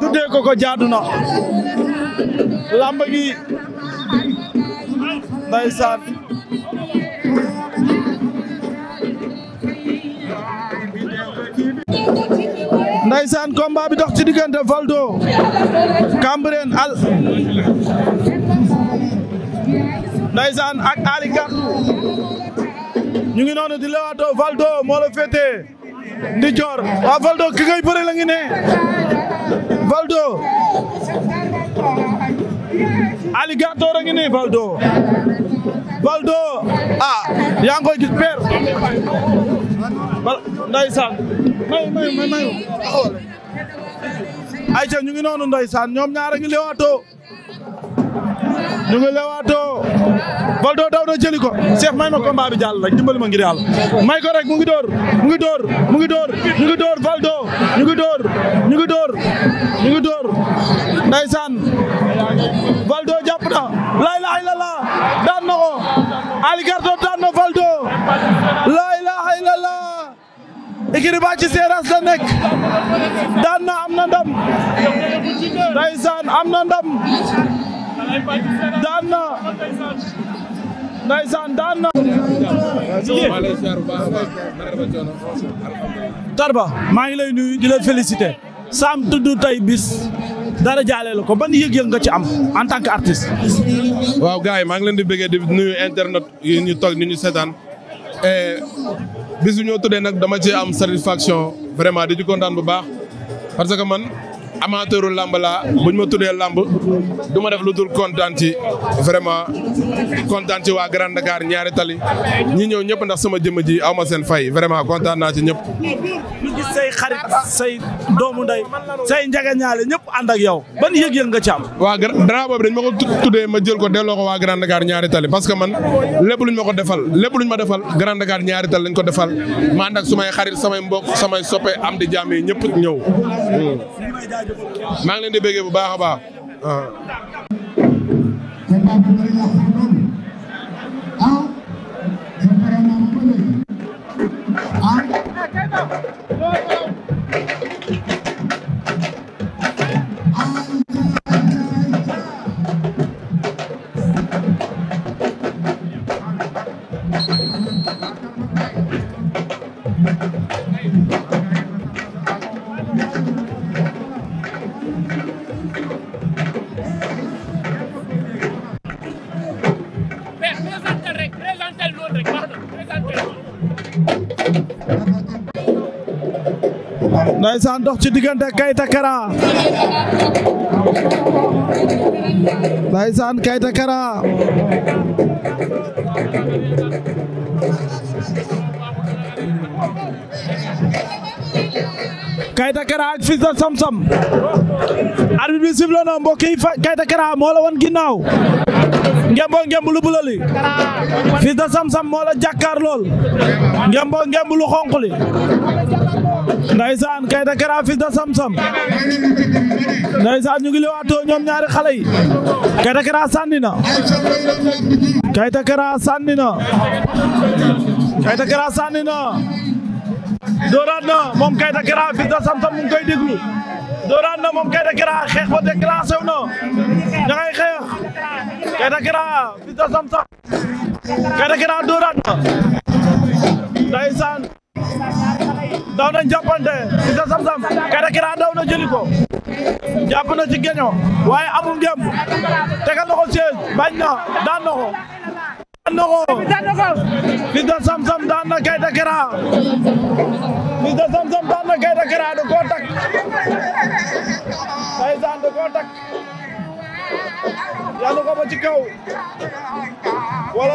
tuddee ko ko jaadu na làmb gi ndeysaan Ndeysaan combat bi dox ci diggante Valdo Cambérène al Ndeysaan ak Ali ñu ngi noonu di lewaatoo Valdo moo la ndi joor waaw Valdo ki ngay bëre la ngi ne Valdo alligator a ngi ne Valdo Valdo ah yaa ngi koy gis per ndeysaan may may ay ca ñu ngi noonu ndeysaan ñoom ñaar ngi lewaatoo ñu ngi leewaatoo Valdo daw na jëli ko Cheikh may ma combat bi jàll dimbali ma ngir yàlla may ko mu ngi door mu ngi door mu ngi door ñu ngi door Valdo ñu ngi door ñu ngi door ngi door ndeysaan Valdo jàpp na laa ilaaha illallah daan na ko Ali Gardo daan na Valdo laa ilaaha illallah Ikiriba ci seeraas daan na am na ndam ndeysaan am na ndam daan na ndaysaan daan na tarba maa ngi lay nuyu di la féliciter saam tudd tey bis dara jaale la ko ban yëg-yëg nga ci am en tant que artiste waaw gars yi maa ngi leen di bëggee di nuyu internet yi ñu toog ni ñu seetaan eh, bis bi ñoo tuddee nag dama ci am satisfaction vraiment di ci kontaan bu baax parce que man amateuru lamb laa buñ ma tuddee lamb du ma def lu dul kontaan ci vraiment kontaan ci waa grande Dakar ñaari tali ñi ñëw ñëpp ndax sama jëmm ji aw ma seen fay vraiment kontaan naa ci ñëpp. ñu say xarit say doomu ndey say njagañaale ñëpp ànd ak yow ban yëg nga ci am. waa dara boobu dañ ma ko tuddee ma jël ko delloo ko waa grande Dakar ñaari tali parce que man lépp luñ ma ko defal lépp luñ ma defal grande Dakar ñaari tali lañ ko defal ma ànd ak sumay xarit samay mbok samay soppe am di jàmm yi ñëpp ñëw. Hmm. maa ngi leen di bëggee bu baax a baax. Ah. ndaysaan dox ci diggante Kayta Kara ndaysaan Kayta Kara Kayta Kara ak Fils Sam Sam arbitre bi sifflé Kayta Kara moo la ginnaaw ngembo ngemb lu bula li Sam Sam moo la lool ngembo ngemb lu xonq li ndaysaan Kayta Kara fils de Samsam ndaysaan ñu ngi lewaatoo ñoom ñaari xale yi Kayta Kara sànni na Kayta Kara sànni na Kayta Kara sànni na dooraat na moom Kayta Kara fils de Samsam mu ngi koy déglu dooraat na moom Kayta Kara xeex ba déclenché na da ngay xeex Kayta Kara fils de Samsam Kayta Kara dooraat na ndaysaan daw nañ jàppante Sam Sam Karakira daw na jëli ko ci geño waaye amul ngem tegal na ko siège bañ na daan na ko daan Sam Sam daan na Karakira Siteu Sam Sam daan na Karakira da koo tak ndeysaan da koo tak yàlla ko ba ci kaw wala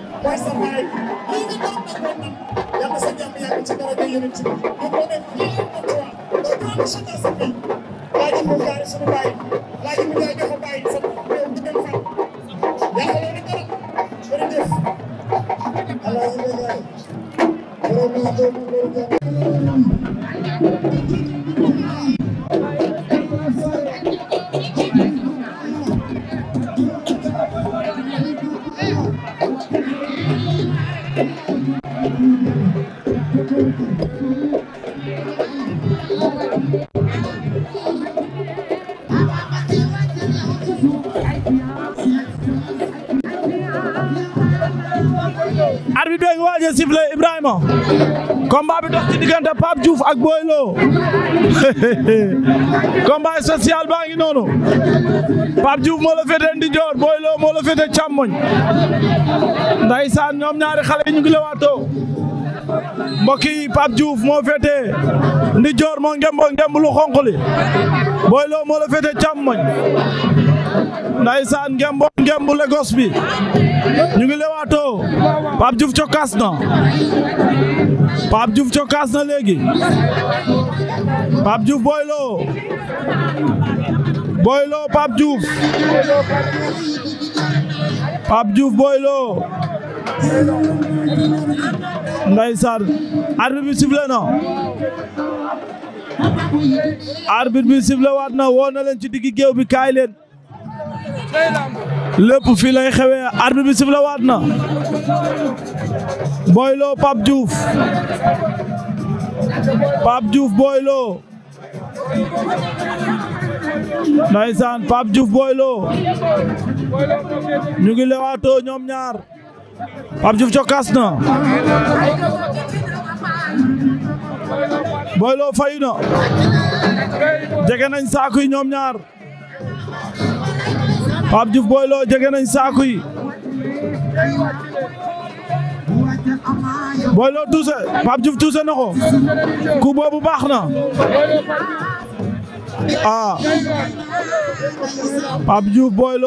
waaye lii nga doon na ko nag yàlla sa jàmm yàgg ci dara ngay yonent bi moom moo nekk lii la ko tuwa ba doon sa tas bi laaji mu jaare sunu bàyyi laaji mu jaay joxe bàyyi sa réew di gën fan yàlla loolu dara jërëjëf alhamdulilah arbitre bi ngi waaj a sifflé Ibrahima combat bi dox ci diggante Pape Diouf ak Boy Lo combat social baa ngi noonu Pape Diouf moo la féete ndijoor Boy Lo moo la féete càmmoñ ñoom ñaari xale yi ñu ngi lewaatoo mbokki yi Pape Diouf moo féetee ndi joor moo ngembo ngemb lu xonq li Boy moo la féetee càmmoñ ndaysaan ngembo ngemb Lagos bi ñu ngi lewaatoo Pape Diouf cokkaas na Pape Diouf cokkaas na léegi Pape Diouf Boy Lo Boy Lo Pape Diouf Pape ndeysaan arbitre bi sifflé na arbitre bi sifflé waat na woo na leen ci diggi géew bi kaay leen lépp fii lay xewee arbitre bi sifflé waat na Boy Lo Pape Diouf Pape Diouf Boy Lo ndeysaan Pape Diouf Boy Lo ñu ngi lewaatoo ñoom ñaar Pape Diouf jokkaas na Boy Lo fayu na jege nañ saaku yi ñoom ñaar Pape Diouf Boy Lo jege nañ saaku yi Boy Lo tuuse Pape Diouf tuuse na ku boobu baax na ah Pape Diouf Boy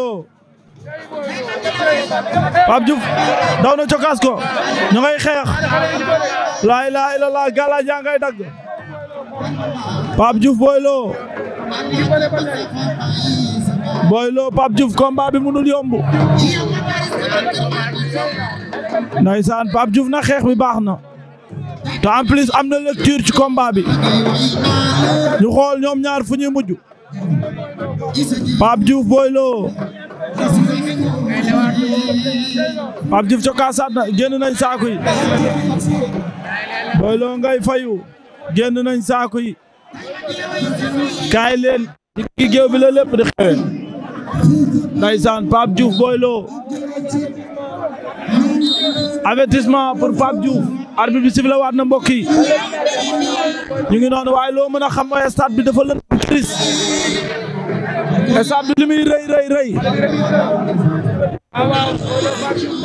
Pape Diouf daw na cokaas ko ñu ngay xeex laa ilaaha illallaah galaaj yaa ngay dagg Pape Diouf Boy Lo Boy Lo Pape Diouf combat bi mënul yomb ndaysaan Pape Diouf na xeex bi baax na te en plus am na lecture ci combat bi ñu xool ñoom ñaar fu ñuy mujj Pape Diouf Boy Lo Pape Diouf cokkaasaat na génn nañ saaku yi Boy Lo ngay fayu génn nañ saaku yi kaay leen ci géew bi la lépp di xewe ndaysaan Pape Diouf Boy Lo avertissement pour Pape Diouf arbitre bi sifflé waat na mbokk yi ñu ngi noonu waaye loo mën a xam mooy stade bi dafa lëndëm crise stade bi li muy rëy rëy rëy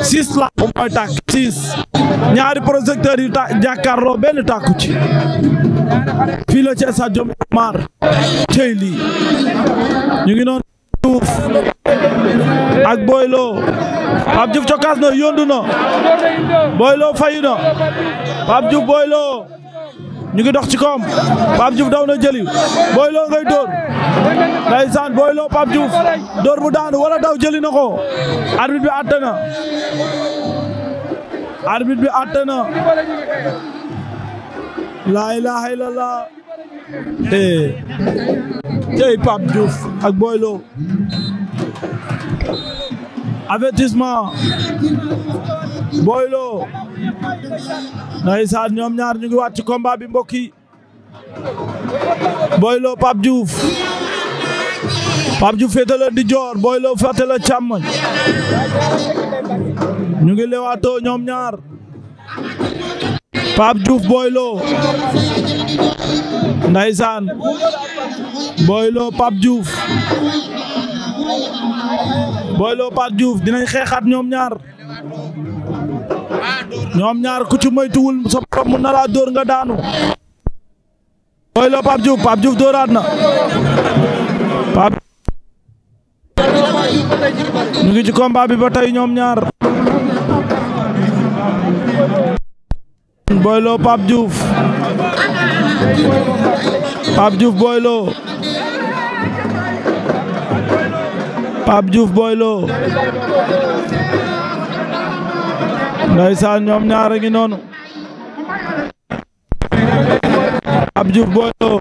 six la mooy tàkk ñaari projecteurs yu tà jàkkaarloo benn tàkku ci fii la ci stade Jom Mar tey ñu ngi noonu ak Boylo Pape Diouf cokaas na yóndu na Boylo fayu na Pape Diouf Boylo ñu ngi dox ci koom Pape Diouf daw na jëli Boy Lo ngay dóor ndeysaan Boy Lo Pape Diouf dóor bu daanu wala daw jëli na ko arbitre bi àtte na bi àtte na laa ilaaha illallah eh tey Pape Diouf ak Boy Lo Boy Lo ndeysaan ñoom ñaar ñu ngi wàcc combat bi mbokk yi Boy Lo Pape Diouf Pape Diouf féete di joor Boy Lo féete ñu ngi lewaatoo ñoom ñaar Pape Diouf Boy Lo ndeysaan Boy Lo Pape Boy Lo Pape dinañ xeexaat ñoom ñaar ñoom ñaar ku ci moytuwul sa bopp mu nar nga daanu. Boy Lo Pape Diouf Pape Diouf na Pape ñu ngi ci combat bi ba tey ñoom ñaar. Boy Lo Pape Diouf Pape Diouf Pape Diouf Boy Lo ndeysaan ñoom ñaar a noonu Pape Diouf Boy Lo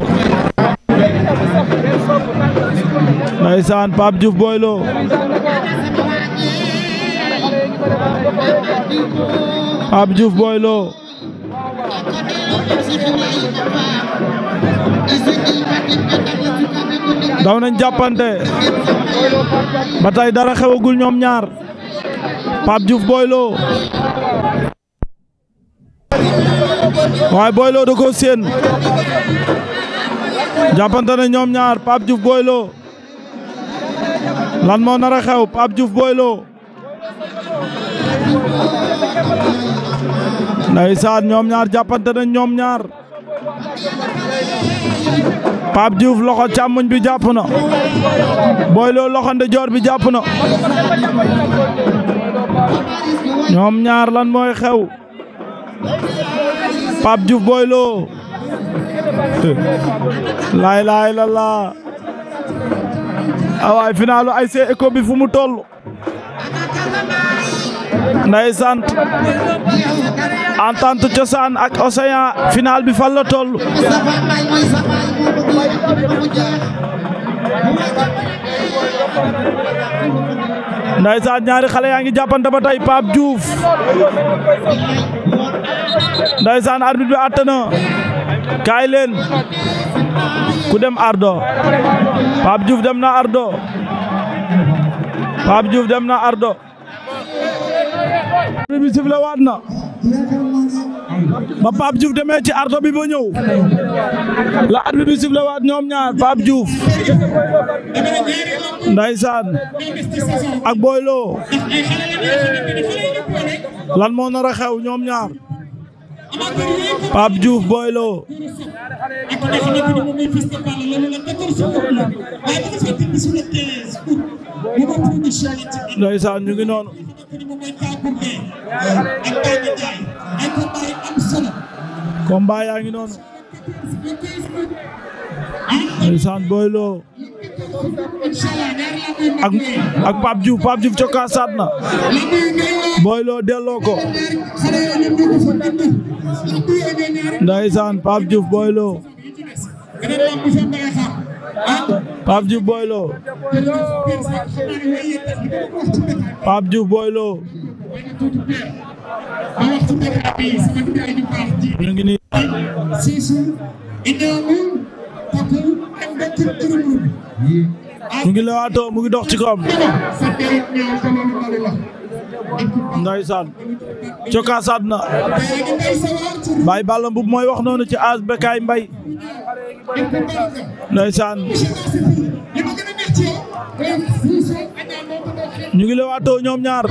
ndeysaan Pape Diouf Boy Lo Pape daw nañ jàppante ba tey dara xewagul ñoom ñaar Pape Diouf Boy Lo waaye Boy Lo da ko séen jàppante na ñoom ñaar Pape Diouf Boy Lo lan moo nar a xew Pape Diouf Boy Lo ndeysaan ñoom ñaar jàppante na ñoom ñaar Pape Diouf loxo càmmoñ bi jàpp na Boy Lo loxo ndijoor bi jàpp na ñoom ñaar lan mooy xew Pape Diouf Boy Lo laay laay la awaay ah, finaalu ay see éco bi fu mu toll nday sant entente cosaan ak océan final bi fan la toll Ndeysaan ñaari xale yaa ngi jàppante ba tey Pape Diouf Ndeysaan arbitre bi àtte na ku dem Ardo Pape juuf dem na Ardo Pape Diouf dem na Ardo arbitre bi sifle waat na ba Pape Diouf demee ci arto bi ba ñëw la arbitre bi sifflé waat ñoom ñaar Pape Diouf ndaysaan ak Boy Lo lan moo nar a xew ñoom ñaar Pape Diouf Boy Lo ndaysaan ñu ngi noonu combat yaa ngi noonu ndeysaan Boy Lo ak ak Pape Diouf Pape Diouf cokkaasaat na delloo ko ndeysaan Pape Diouf Boy Lo Pape Diouf Boy Lo Pape Diouf Boy Lo ñu ngi ni mu ngi lewaatoo mu ngi dox ci kawam ndaysaan cokaasaat na Baye Balla Mbuub mooy wax noonu ci aas Bécaye Mbaye ndaysaan ñu ngi lewaatoo ñoom ñaar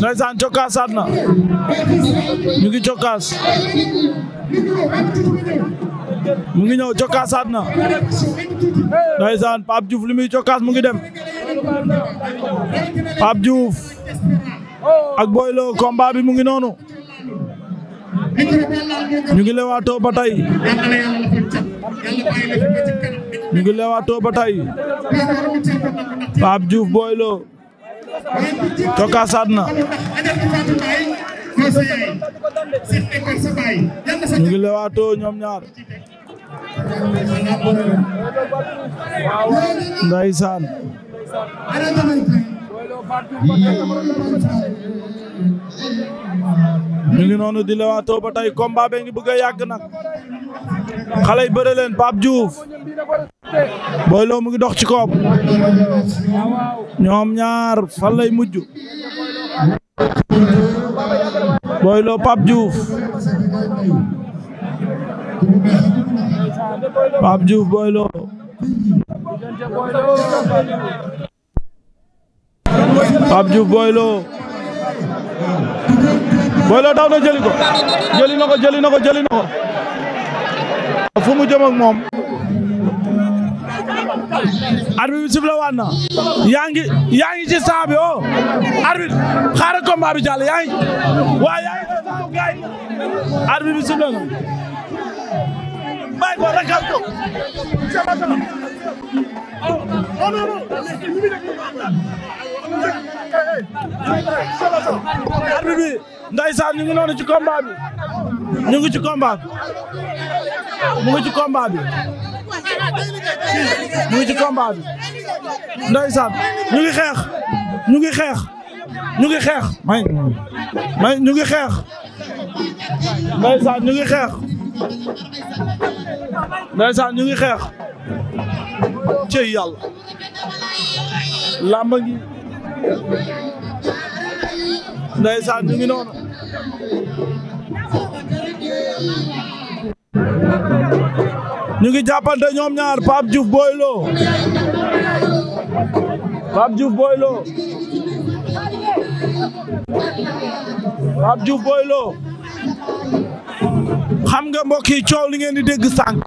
Ndeysaan cokkaas aat ñu ngi cokkaas mu ngi ñëw cokkaas aat na ndeysaan Pape Diouf li muy cokkaas mu ngi dem Pape Diouf ak Boy Lo combat bi mu ngi noonu ñu ngi lewaatoo ba ñu ngi leewaatoo ba tey Pape Diouf Boy Lo cokkaasaat na ñu ngi leewaatoo ñoom ñaar ndeysaan ñu ngi noonu di lewaatoo ba tey combat bee ngi bëgg a yàgg nag xale yi bëre leen Pape Diouf mu ngi dox ci koob ñoom ñaar fan lay mujj Boy Lo Pape Diouf Pape Diouf Pape Diouf Boy Lo Boy Lo ko jëli na ko jëli na ko jëli na mu jëm ak moom arbitre bi sifle na yaa ngi yaa ngi ci saa bi oh arbitre xaaral combat waa yaa ngi bi sifle arbitre bi ñu ngi noonu ci combat bi ñu ngi ci combat bi mu ngi ci combat bi ñu ngi ci combat bi ñu ngi xeex ñu ngi xeex ñu ngi xeex may may ñu ngi xeex ndeysaan ñu ngi xeex ndeysaan ñu ngi xeex cey ndeysaan ñu ngi noonu ñu ngi jàppante ñoom ñaar Pape Diouf Boy Lo Pape Diouf Boy Lo xam nga mbokk yi li ngeen di dégg sànq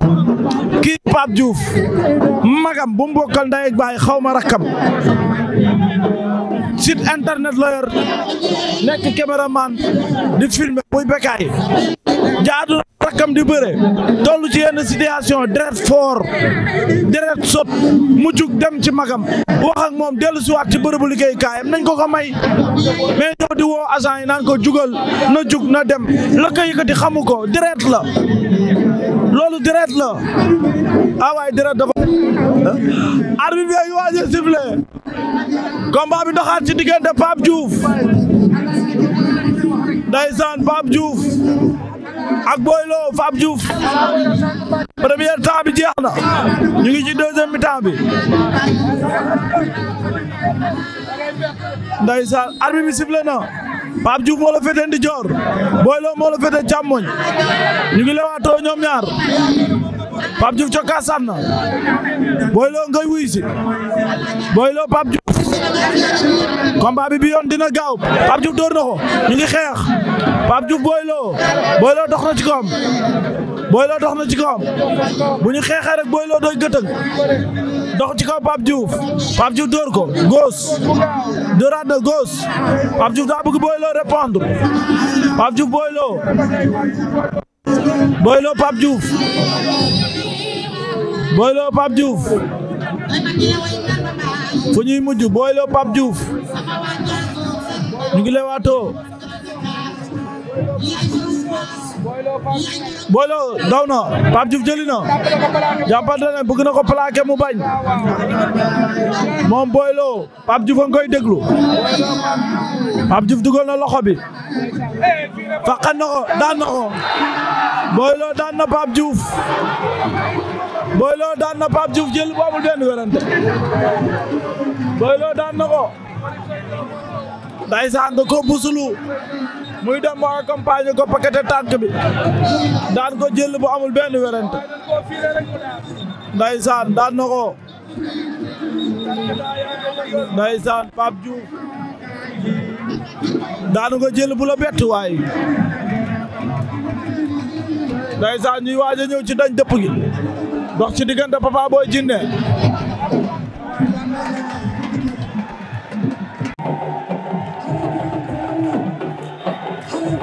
kii Pape Diouf magam bu mbokkal ndey ak baay xaw ma rakkam site internet la yor nekk caméraman di filmer muy Bécaye jaadu rakkam di bëre tollu ci yenn situation deret fort deret sot mu jug dem ci magam wax moom dellu siwaat ci bërëbu liggéey kaayam nañ ko ko may mais ñoo di woo agent yi naan ko jugal na jug na dem la ko yëkkati xamu ko deret la loolu deret la ah deret dafa arbitre bi ay waaj a sifflé combat bi doxaat ci diggante Pape Diouf ndeysaan Pape Diouf ak Boy Lo Pape Diouf première temps bi jeex na ñu ngi ci deuxième mi-temps bi ndeysaan arbitre bi sifflé Pape Diouf moo la féetee ndi joor Boy Lo moo la féetee ñu ngi lewaatoo ñoom ñaar Pape Diouf cokkaasan na Boy ngay wuy si Boy Lo Pape Diouf combat bi bi dina gaaw Pape Diouf door na ñu ngi xeex Pape Diouf Boy Lo Boy Lo dox na ci koom Boy Lo dox na ci kawam bu ñu xeexee rek Boy Lo doy gëtëg dox ci kaw Pape Diouf Pape Diouf dóor ko góos dóoraat na góos Pape Diouf daa bëgg Boy Lo répondre Pape Diouf Boy Lo fu ñuy mujj Boy Lo Pape Diouf ñu ngi lewaatoo Boylo daw na Pape Diouf jëli na jàppante ne bëgg na ko plaqué mu bañ moom Boylo Pape Diouf a déglu Pape Diouf dugal na loxo bi faqan na ko daan na ko Boylo daan na Pape Diouf Boylo daan na Pape Diouf jël bu amul benn werante Boylo daan na ko ndaysaan da ko busulu muy dem mu accompagner ko paqueté tànk bi daan ko jël bu amul benn werante ndaysaan daan na ko ndaysaan Pape Diouf daan ko jël bu la bett waay ndaysaan ñuy waaj a ñëw ci dañ dëpp gi dox ci diggante Papa Boy Djiné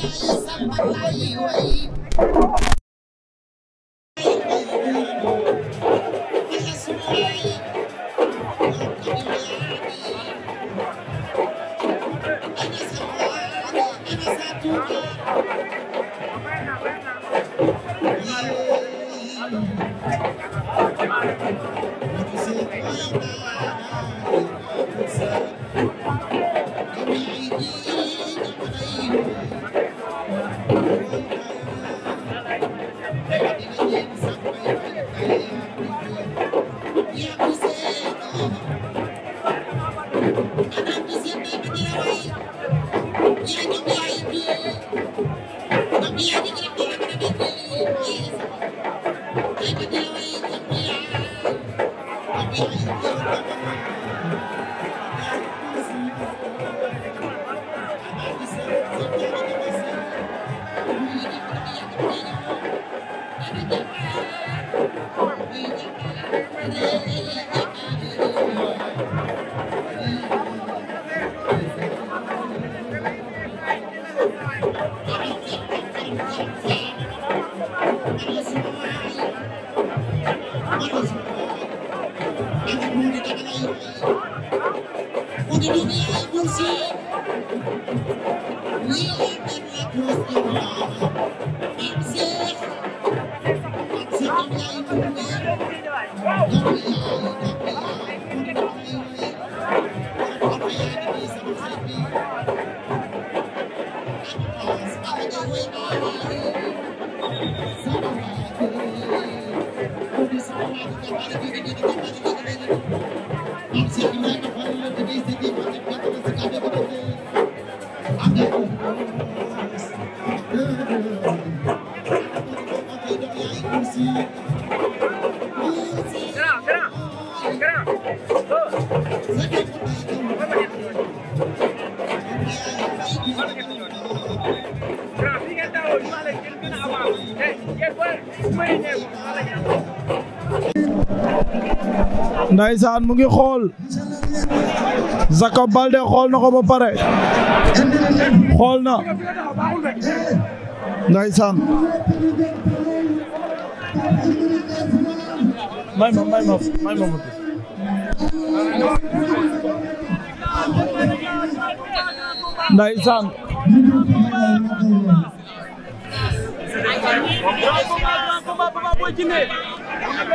Sampai jumpa lagi. Ndaysaan mu ngi xool Jacob Baldé xool na ko ba pare xool na Ndaysaan may ma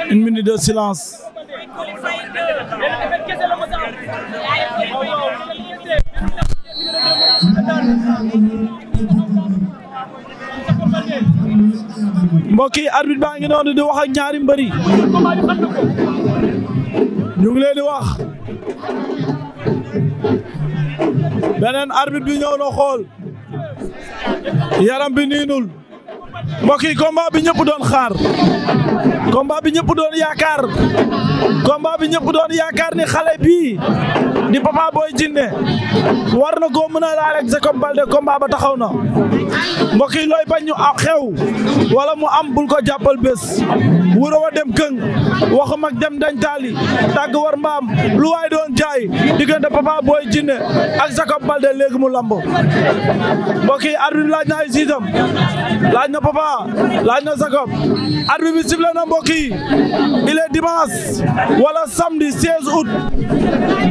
may minute de silence mbokk yi arbitre baa ngi noonu di wax ak ñaari mbëri ñu ngi leen di wax beneen arbitre bi ñëw na xool yaram bi niinul mbokk yi combat bi ñëpp doon xaar combat bi ñëpp doon yaakaar combat bi ñëpp doon yaakaar ni xale bii di Papa Boy Djiné war na koo mën a Jacob Baldé combat ba taxaw na mbokk yi looy bañ ñu xew wala mu am bul ko jàppal bés wuro wa dem këng waxu mag dem dañ taali tàgg war mbaam lu waay doon jaay diggante Papa Boy Djiné ak Jacob Baldé léegi mu lamb mbokk yi arbitre laaj na ay siisam laaj na Papa laaj na Jacob arbitre bi sifflé na mbokk yi il est samedi 16 août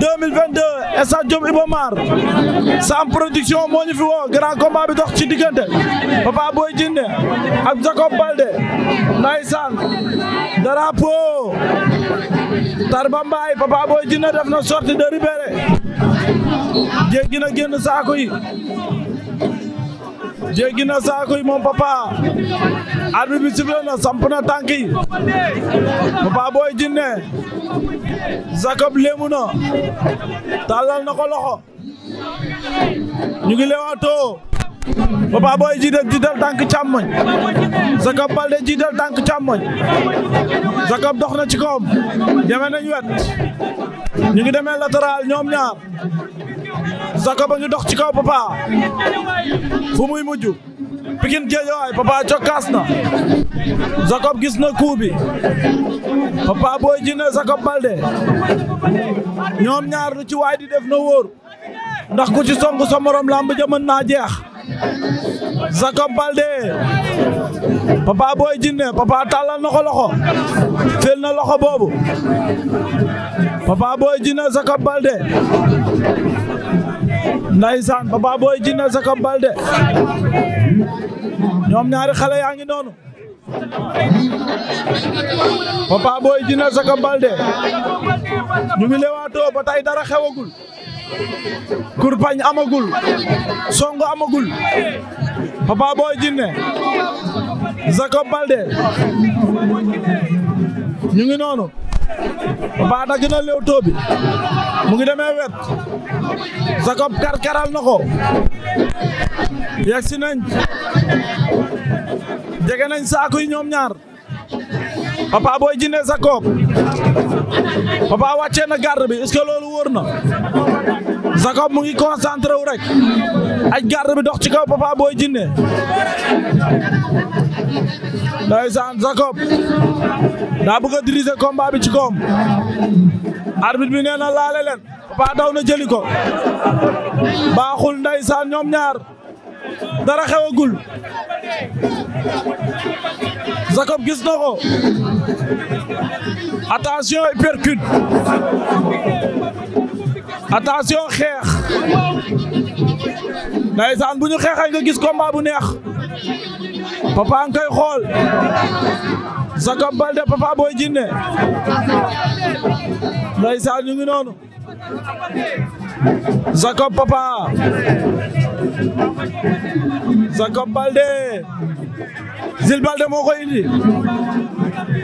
2022 stade Diop Production moo ñu fi woo grand combat bi dox ci diggante Papa Boy Djiné ak Jacob Balde ndaysaan drapeau Tarba Mbaye Papa Boy Djiné def na sortie de libéré jéggi na génn saako yi jéggi na saako yi moom papa arbitre bi na samp na tànk yi papa booy jinne Jacob léemu na tàllal na ko loxo ñu ngi lewaatoo Papa Boy jiital jiital tànk càmmoñ Jacob Baldé jiital tànk càmmoñ Jacob dox na ci kawam deme nañ wet ñu ngi demee latéral ñoom ñaar Jacob a ngi dox ci kaw Papa fu muy mujj Pikine Guédiawaye Papa cokkaas na Jacob gis na coup bi Papa Boy Djiné Jacob Baldé ñoom ñaar lu ci waay di def na wóor ndax ku ci song sa morom lamb mën naa jeex Jacob Baldé Papa Boy Djiné Papa tàllal na ko loxo fel na loxo boobu Papa Boy Djiné Jacob Baldé ndaysaan Papa Boy Djiné Jacob Baldé ñoom ñaari xale yaa ngi noonu Papa Boy Djiné Jacob Baldé ñu ngi lewaatoo ba tey dara xewagul kurpañ amagul songo amagul Papa Boy Djiné Jacob Baldé ñu ngi noonu Papa dagg na léewtoo bi mu ngi demee wet Jacob karkaral na ko yegsi nañ jege nañ saaku yi ñoom ñaar Papa Boy Djiné sa Papa wàccee na garde bi est-ce loolu wóor Jacob mu ngi concentré wu rek aj garde bi dox ci kaw Papa Boy Djiné ndeysaan Jacob daa bëgg a diriger combat bi ci koom arbitre bi nee na laale leen Papa daw na jëli ko baaxul ndeysaan ñoom ñaar dara xewagul Jacob gis na ko attention percute attention xeex ndaysaan bu ñu xeexee nga gis combat bu neex Papa a ngi koy xool Jacob Baldé Papa Boy Djiné ñu ngi noonu Jacob Papa Jacob Baldé Zil Baldé moo ko indi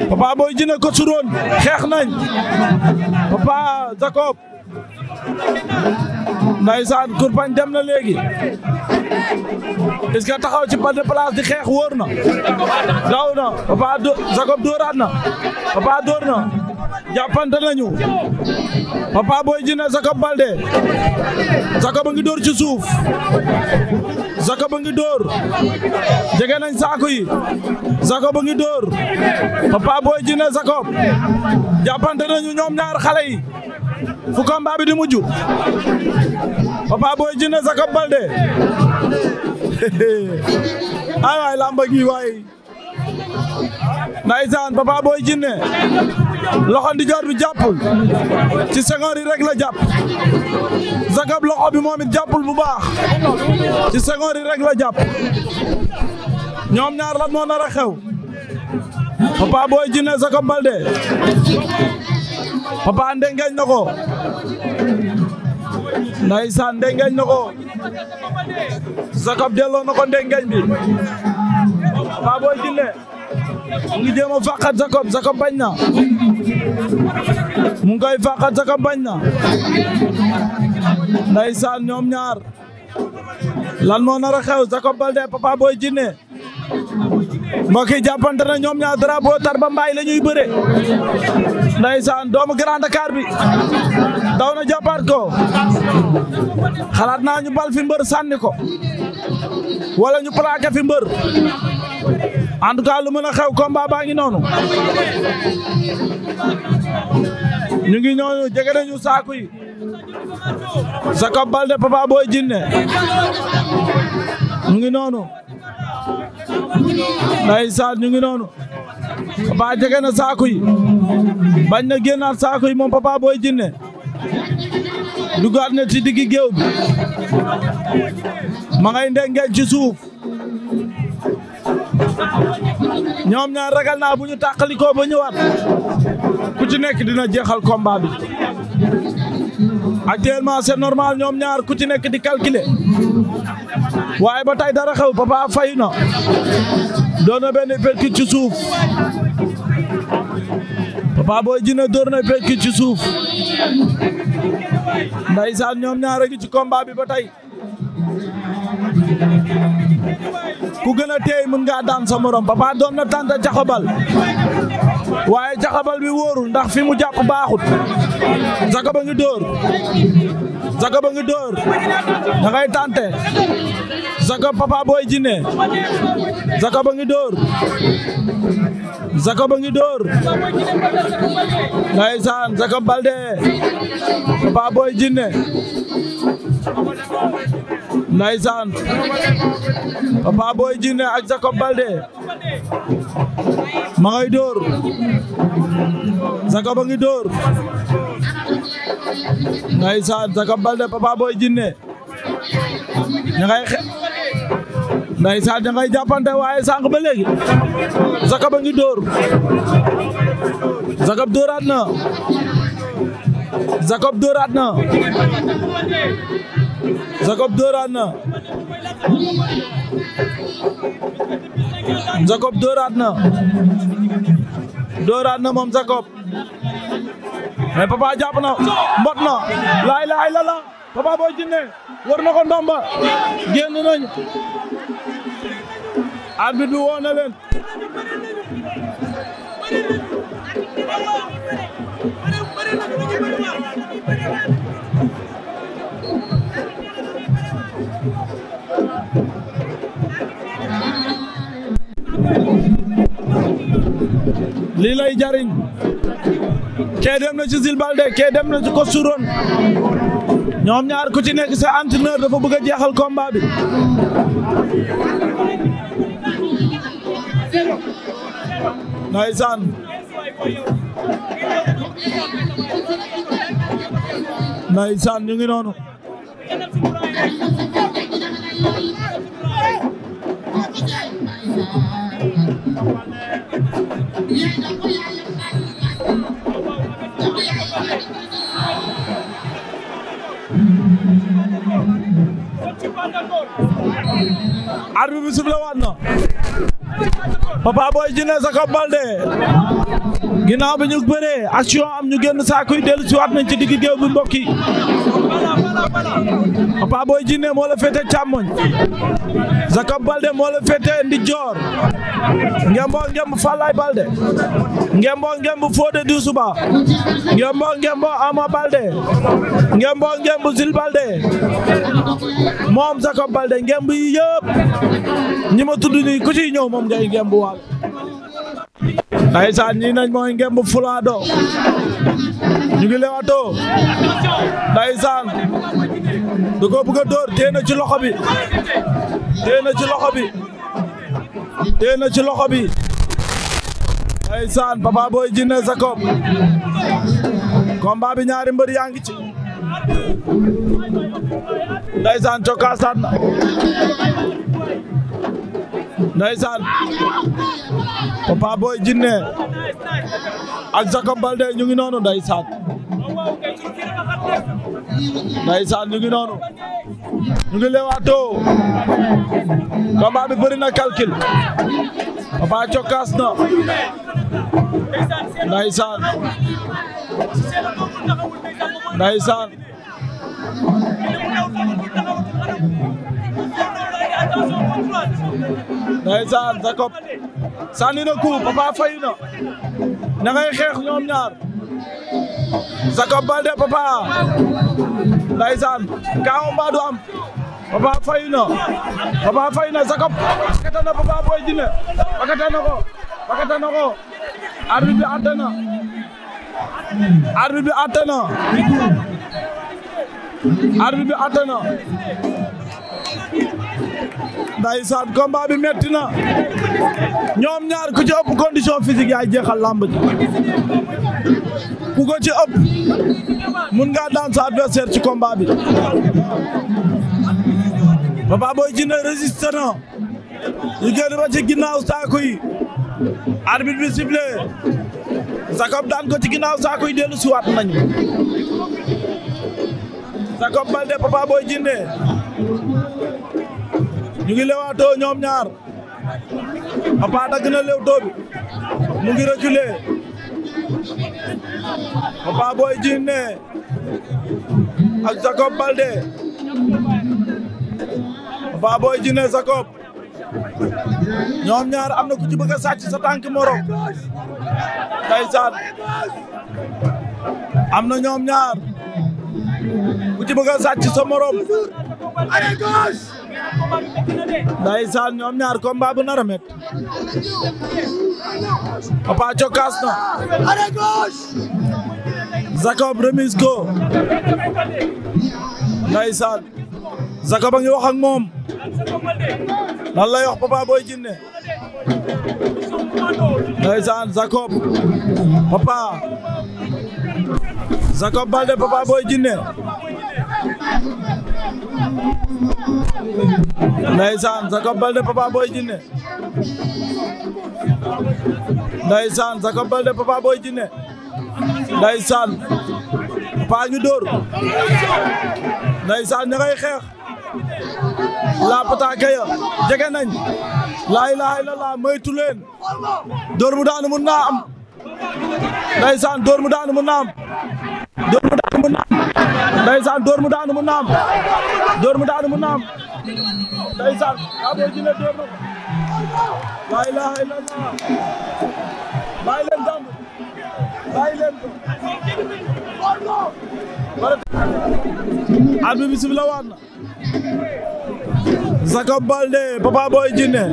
Papa Boy Djiné ko suroon xeex nañ Papa Jacob Ndeysaan kurpañ dem na léegi est taxaw ci benn place di xeex wóor na daw na Papa Jacob dóoraat na Papa dóor na jàppante nañu Papa Boy Djiné Jacob Baldé Jacob a ngi dóor ci suuf Jacob ngi dóor jege nañ saako yi Jacob ngi door Papa Boy Djiné Jacob jàppante nañu ñoom ñaar xale yi fu combat bi di mujj Papa Boy Djiné Jacob Baldé ay waay lamba gi waay ndaysaan Papa booy Djiné loxo ndijoor bi jàppul ci sengoor yi rek la jàpp loxo bi moom jàppul bu baax ci sengoor yi rek la ñoom ñaar lan moo nar a xew Papa Boy Djiné Zakab Balde Papa ndengeñ na ko ndaysaan ndengeñ na ko Zakab bi Baboy Djiné mu ngi jéem a fàqat Jacob Jacob bañ na mu ngi koy fàqat Jacob bañ na ndeysaan ñoom ñaar lan moo nar a xew Jacob Baldé Papa Boy Djiné mbokk yi jàppante na ñoom ñaar drapeau Tarba Mbaye la ñuy bëre ndeysaan doomu Grand Dakar bi daw na jàppaat ko xalaat naa ñu bal fi mbër sànni ko wala ñu plaqué fi mbër en tout cas lu mën a xew combat baa ngi noonu ñu ngi ñooñu jege nañu saaku yi Jacob Baldé Papa Boy ñu ngi noonu ndeysaan ñu ngi noonu Papa jege na saaku yi bañ na génnaat saaku yi moom Papa Boy Djiné dugaat na ci diggi géew bi ma ngay ci suuf ñoom ñaar ragal naa bu ñu tàqalikoo ba ñëwaat ku ci nekk dina jeexal combat bi actuellement c'est normal ñoom ñaar ku ci nekk di calculer waaye ba tay dara xew papa fayu na doon na benn percute ci suuf boo ji jinne door na percute ci suuf ndaysaan ñoom ñaar a ngi ci combat bi ba tey ku gën a teey mën nga daan sa morom Papa doon na tànta jaxabal waaye jaxabal wi wóorul ndax fi mu jàpp baaxut Zaka ba ngi dóor Zaka ba ngi dóor da ngay tànte Zaka Papa Boy Djiné Zaka ba dóor Zaka ba ngi dóor ndeysaan Zaka Balde Papa Boy Djiné Ndeysaan Papa Boy Djiné ak Jacob Baldé ma ngay dóor Jacob a ngi dóor Ndeysaan Jacob Baldé Papa Boy Djiné ña ngay xe Ndeysaan ña ngay jàppante waaye sànq ba léegi Jacob a ngi dóor na Jacob dóoraat na Jacob dóoraat na Jacob dóoraat na dóoraat na moom Jacob mais Papa jàpp na mbot na laay laay la Papa Boy Djiné war na ko ndomba génn nañ arbitre bi woo na lii lay jariñ kee dem na ci Jules Baldé kee dem na ci Coach Ron ñoom ñaar ku ci nekk sa entraîneur dafa bëgg a jeexal combat bi ndeysaan ñu ngi noonu arbi bi siflé waat na Papa Boy Djiné Jacob Baldé ginnaaw bi ñu bëree action am ñu génn i dellu si waat nañ ci digg géew bi mbokk yi Papa Boy Djiné moo la féete càmmoñ Jacob Balde moo la féete ndijoor ngemboo ngemb Falaye Balde ngemboo ngemb Fodé Doussouba ngemboo ngemb Ama Balde ngemboo ngemb Zil Balde moom Jacob Balde ngemb yëpp ñi ma tudd nii ku ci ñëw moom ngay ngemb waal ndaysaan ñii nañ mooy ngemb Fulado ñu ngi lewaatoo ndaysaan da bëgg a dóor téye ci loxo bi téye ci loxo bi téye ci loxo bi ndaysaan Papa Boy Djiné Jacob combat bi ñaari mbër yaa ngi ci Ndeysaan cokkaas na Ndeysaan Papa Boy Djiné ak Jacob Baldé ñu ngi noonu Ndeysaan Ndeysaan ñu noonu ñu ngi leewaatoo combat bi bëri na calcul Papa cokkaas na Ndeysaan Ndeysaan Jacob sànni na coup Papa fayu na ña ngay xeex ñoom ñaar Jacob Baldé Papa Ndeysaan kaaw mbaa du am Papa fayu na Papa fayu na Jacob pakata na Papa Boy Djiné pakata na ko pakata na ko arbitre bi àtte na arbitre bi atte na arbitre bi atte na ndeysaan combat bi metti na ñoom ñaar ku ci ëpp condition physique yaay jeexal làmb ji ci ëpp mun ngaa daan sa adversaire ci combat bi Papa Boy na yu génn ba ginnaaw saako yi arbitre bi sifflé Jacob daan ko ci ginnaaw saakuy dellu siwaat nañu Jacob Baldé Papa Boy Djiné ñu ngi lewaatoo ñoom ñaar Papa dagg na lewtoo mu ngi reculer Papa Boy Djiné ak Jacob Baldé Papa Boy Djiné Jacob ñoom ñaar am na ku ci bëgg a sàcc sa tànk morom ndeysaan am na ñoom ñaar ku ci bëgg a sàcc sa morom ndeysaan ñoom ñaar combat bu nar a met na Jacob remise ko ndeysaan Zaka ba ngi wax ak moom lan lay wax Papa Boy Djiné ndeysaan Jacob Papa Jacob Baldé Papa Boy Djiné ndeysaan Jacob Baldé Papa Papa Boy ndeysaan paa ngi dóor ndeysaan ña ngay xeex laa pataake ya jege nañ laa ilaaha illallaah moytu leen mu daanu mun naa am ndeysaan dóor mu daanu mun naa mu daanu mun naa am mu daanu mun daa boo jine dóor na ko laa ilaaha illallaah bàyyi leen bàyyi leen ko arbitre bi sifla la na Jacob Baldé Papa Boy Djiné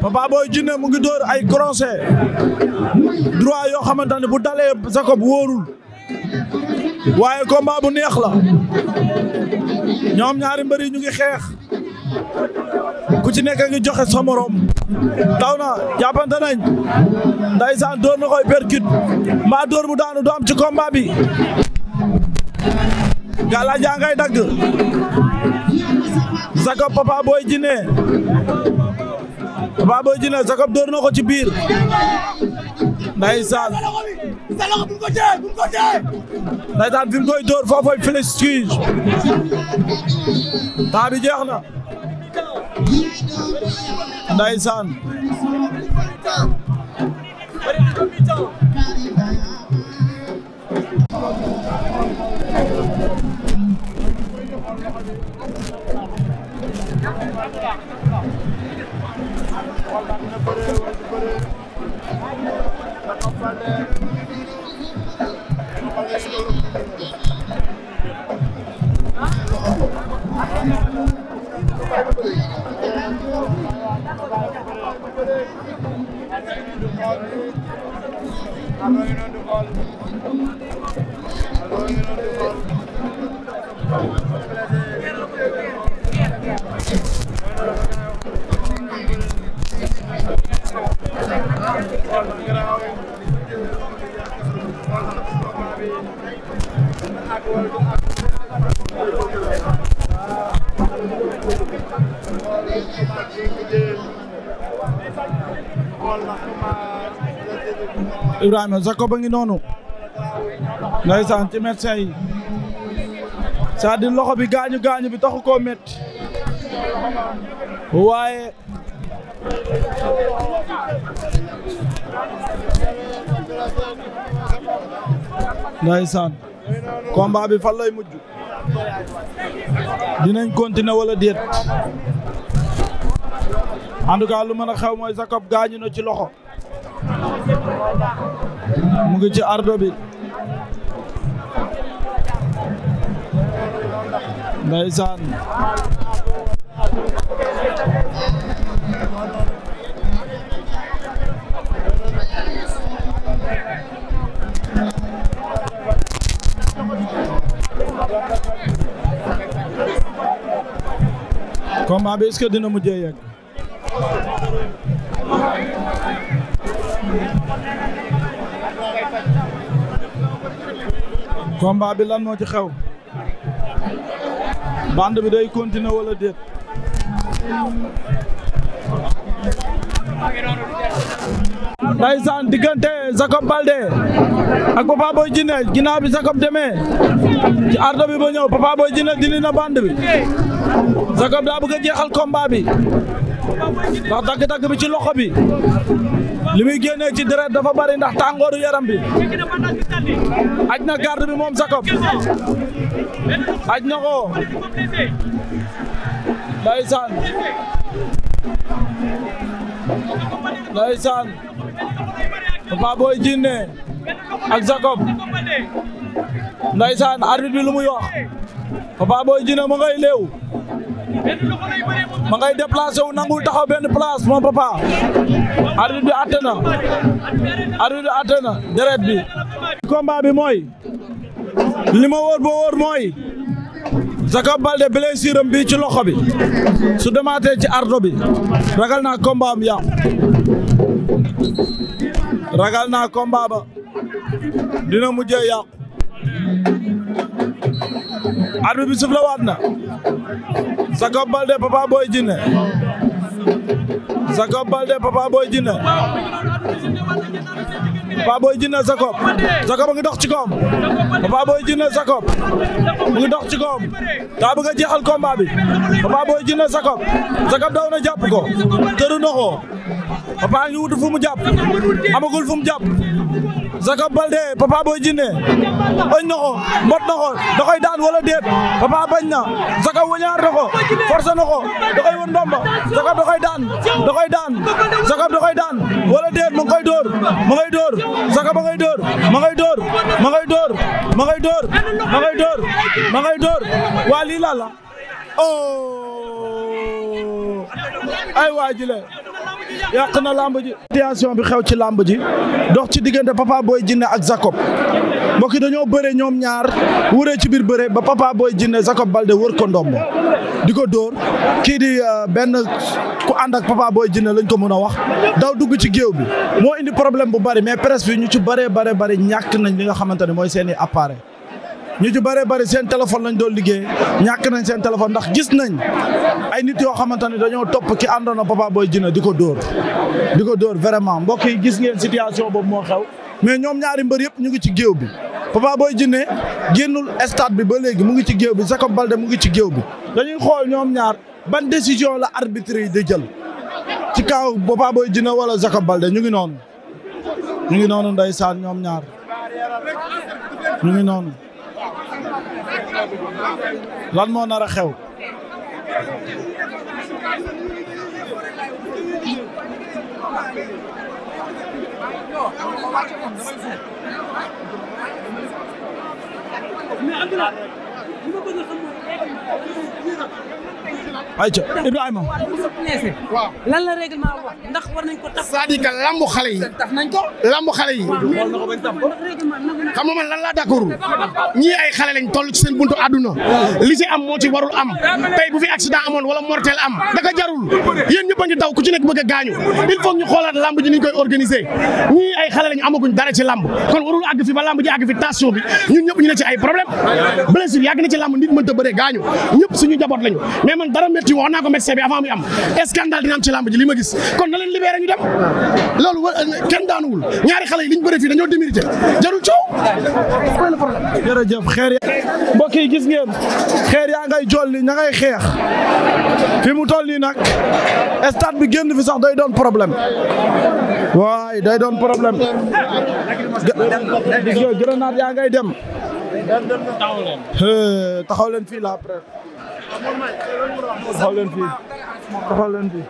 Papa Boy Djiné mu ngi dóor ay crochet droit yoo xamante ne bu dalee Jacob wóorul waaye combat bu neex la ñoom ñaari mbër yi ñu ngi xeex ku ci nekk ngi joxe sa morom daw na jàppante nañ ndaysaan dóor na koy percute mbaa dóor mu daanu du am ci combat bi gala jaa ngay dagg Jacob Papa Boy Djiné Papa Boy Djiné Jacob dóor na ko ci biir ndaysaan salax bu ko tee koy dóor foofu félestige taa bi jeex na Ndaysaan Dramé Jacob a ngi noonu ndeysaan ci médecin yi cest loxo bi gaañu gaañu bi taxu koo métti waaye ndeysaan combat bi fan lay mujj dinañ continuer wala déet en tout cas lu mën a xew mooy Jacob gaañu na ci loxo mu ngi ci ardo bi ndeysaan combat dina mujjee yegg combat bi lan moo ci xew bande bi day continuer wala déet ndaysaan diggante Jacob Baldé ak Papa Boy Djiné Jacob demee ci ardo bi ba ñëw Papa Boy Djiné dindi na bande Jacob daa bëgg a jeexal combat bi ndax bi ci loxo bi li muy génnee ci deret dafa bari ndax tàngooru yaram bi na garde bi moom Jacob aj na ko ndeysaan ndeysaan Papa bi lu muy wax Papa Boy Djiné mu ngay léew ma ngay déplacé wu nangul taxaw benn place mon papa arbitre bi atte na bi atte na deret bi combat bi mooy li ma wóor boo wóor mooy Jacob Balde blessure am bi ci loxo bi su demaatee ci ardo bi ragal naa combat am yàqu ragal naa combat ba dina mujjee yàqu arbitre bi siflé waat na Jacob Baldé Papa Boy Djiné Jacob Baldé Papa Boy Djiné Papa Boy Djiné Jacob Jacob ngi dox ci koom Papa Boy Djiné Jacob ngi dox ci koom daa bëgg a jeexal combat Papa Boy Djiné Jacob Jacob daw na jàpp ko tëru na Papa ngi wut fu mu jàpp amagul fu mu jàpp Jacob Baldé Papa Boy Djiné bañ na mbot na ko daan wala déet Papa bañ na Jacob wañaar na ko forcé na ko da koy won daan da daan Jacob da daan wala déet ma koy dóor ma ngay dóor Jacob ma ngay dóor ma ngay dóor ma ma ngay ma waa lii la la oh ay waa ji yàq na lamb ji situation bi xew ci làmb ji dox ci diggante Papa booy jinne ak Jacob mbokki dañoo bëre ñoom ñaar wuree ci biir bëre ba Papa Boy Djiné Jacob Baldé wër ko ndombo di ko dóor kii di euh, benn ku ànd ak Papa Boy Djiné lañ ko mën a wax daw dugg ci géew bi moo indi problème bu bari mais presse bi ñu ci bëree bare bari ñàkk nañ li nga xamante ne mooy seen i appareil ñu ci bëree bëri seen téléphone lañ doon liggéey ñàkk nañ seen téléphone ndax gis nañ ay nit yoo xamante ne dañoo topp ki àndoon na booy Boy di ko dóor di ko dóor vraiment mbokk yi gis ngeen situation boobu moo xew mais ñoom ñaari mbër yëpp ñu ngi ci géew bi Papa booy Djiné génnul stade bi ba léegi mu ngi ci géew bi Jacob Baldé mu ngi ci géew bi dañuy xool ñoom ñaar ban décision la arbitre yi di jël ci kaw Papa booy Djiné wala Jacob Baldé ñu ngi noonu ñu ngi noonu ndeysaan ñoom ñaar ñu ngi noonu lan moo nar a xew. ayca Ibrahima. la règlement wax ndax war nañ ko taf. c'est-à-dire que lambu xale yi. taf nañ ko lambu xale yi. xam nga man lan laa d'accord ñii ay xale lañ toll ci seen buntu àdduna. li ci am moo ci warul am tey bu fi accident amoon wala mortel am daka jarul yéen ñëpp a ngi daw ku ci nekk bëgg a gaañu il faut ñu xoolaat lamb ji ni ñu koy organiser ñii ay xale lañ amaguñ dara ci lamb kon warul àgg fi ba lamb ji àgg fi tension bi ñun ñëpp ñu ne ay problème blessure yàgg na ci lamb nit mënta bëre gaañu ñëpp suñu njaboot lañu mais man dara métti wax naa ko médecin bi avant muy am scandale dina am ci lamb ji li ma gis kon na leen libéré ñu dem loolu euh, kenn daanuwul ñaari xale yi li ñu bëri fii dañoo démérité jarul coow jërëjëf xeer mbokk yi gis ngeen xeer yaa ngay jolli ña ngay xeex fi mu toll nii nag stade bi génn fi sax day doon problème waay day doon problème gis nga grenade yaa ngay dem taxaw leen fii la taxaw leen fii taxaw leen fii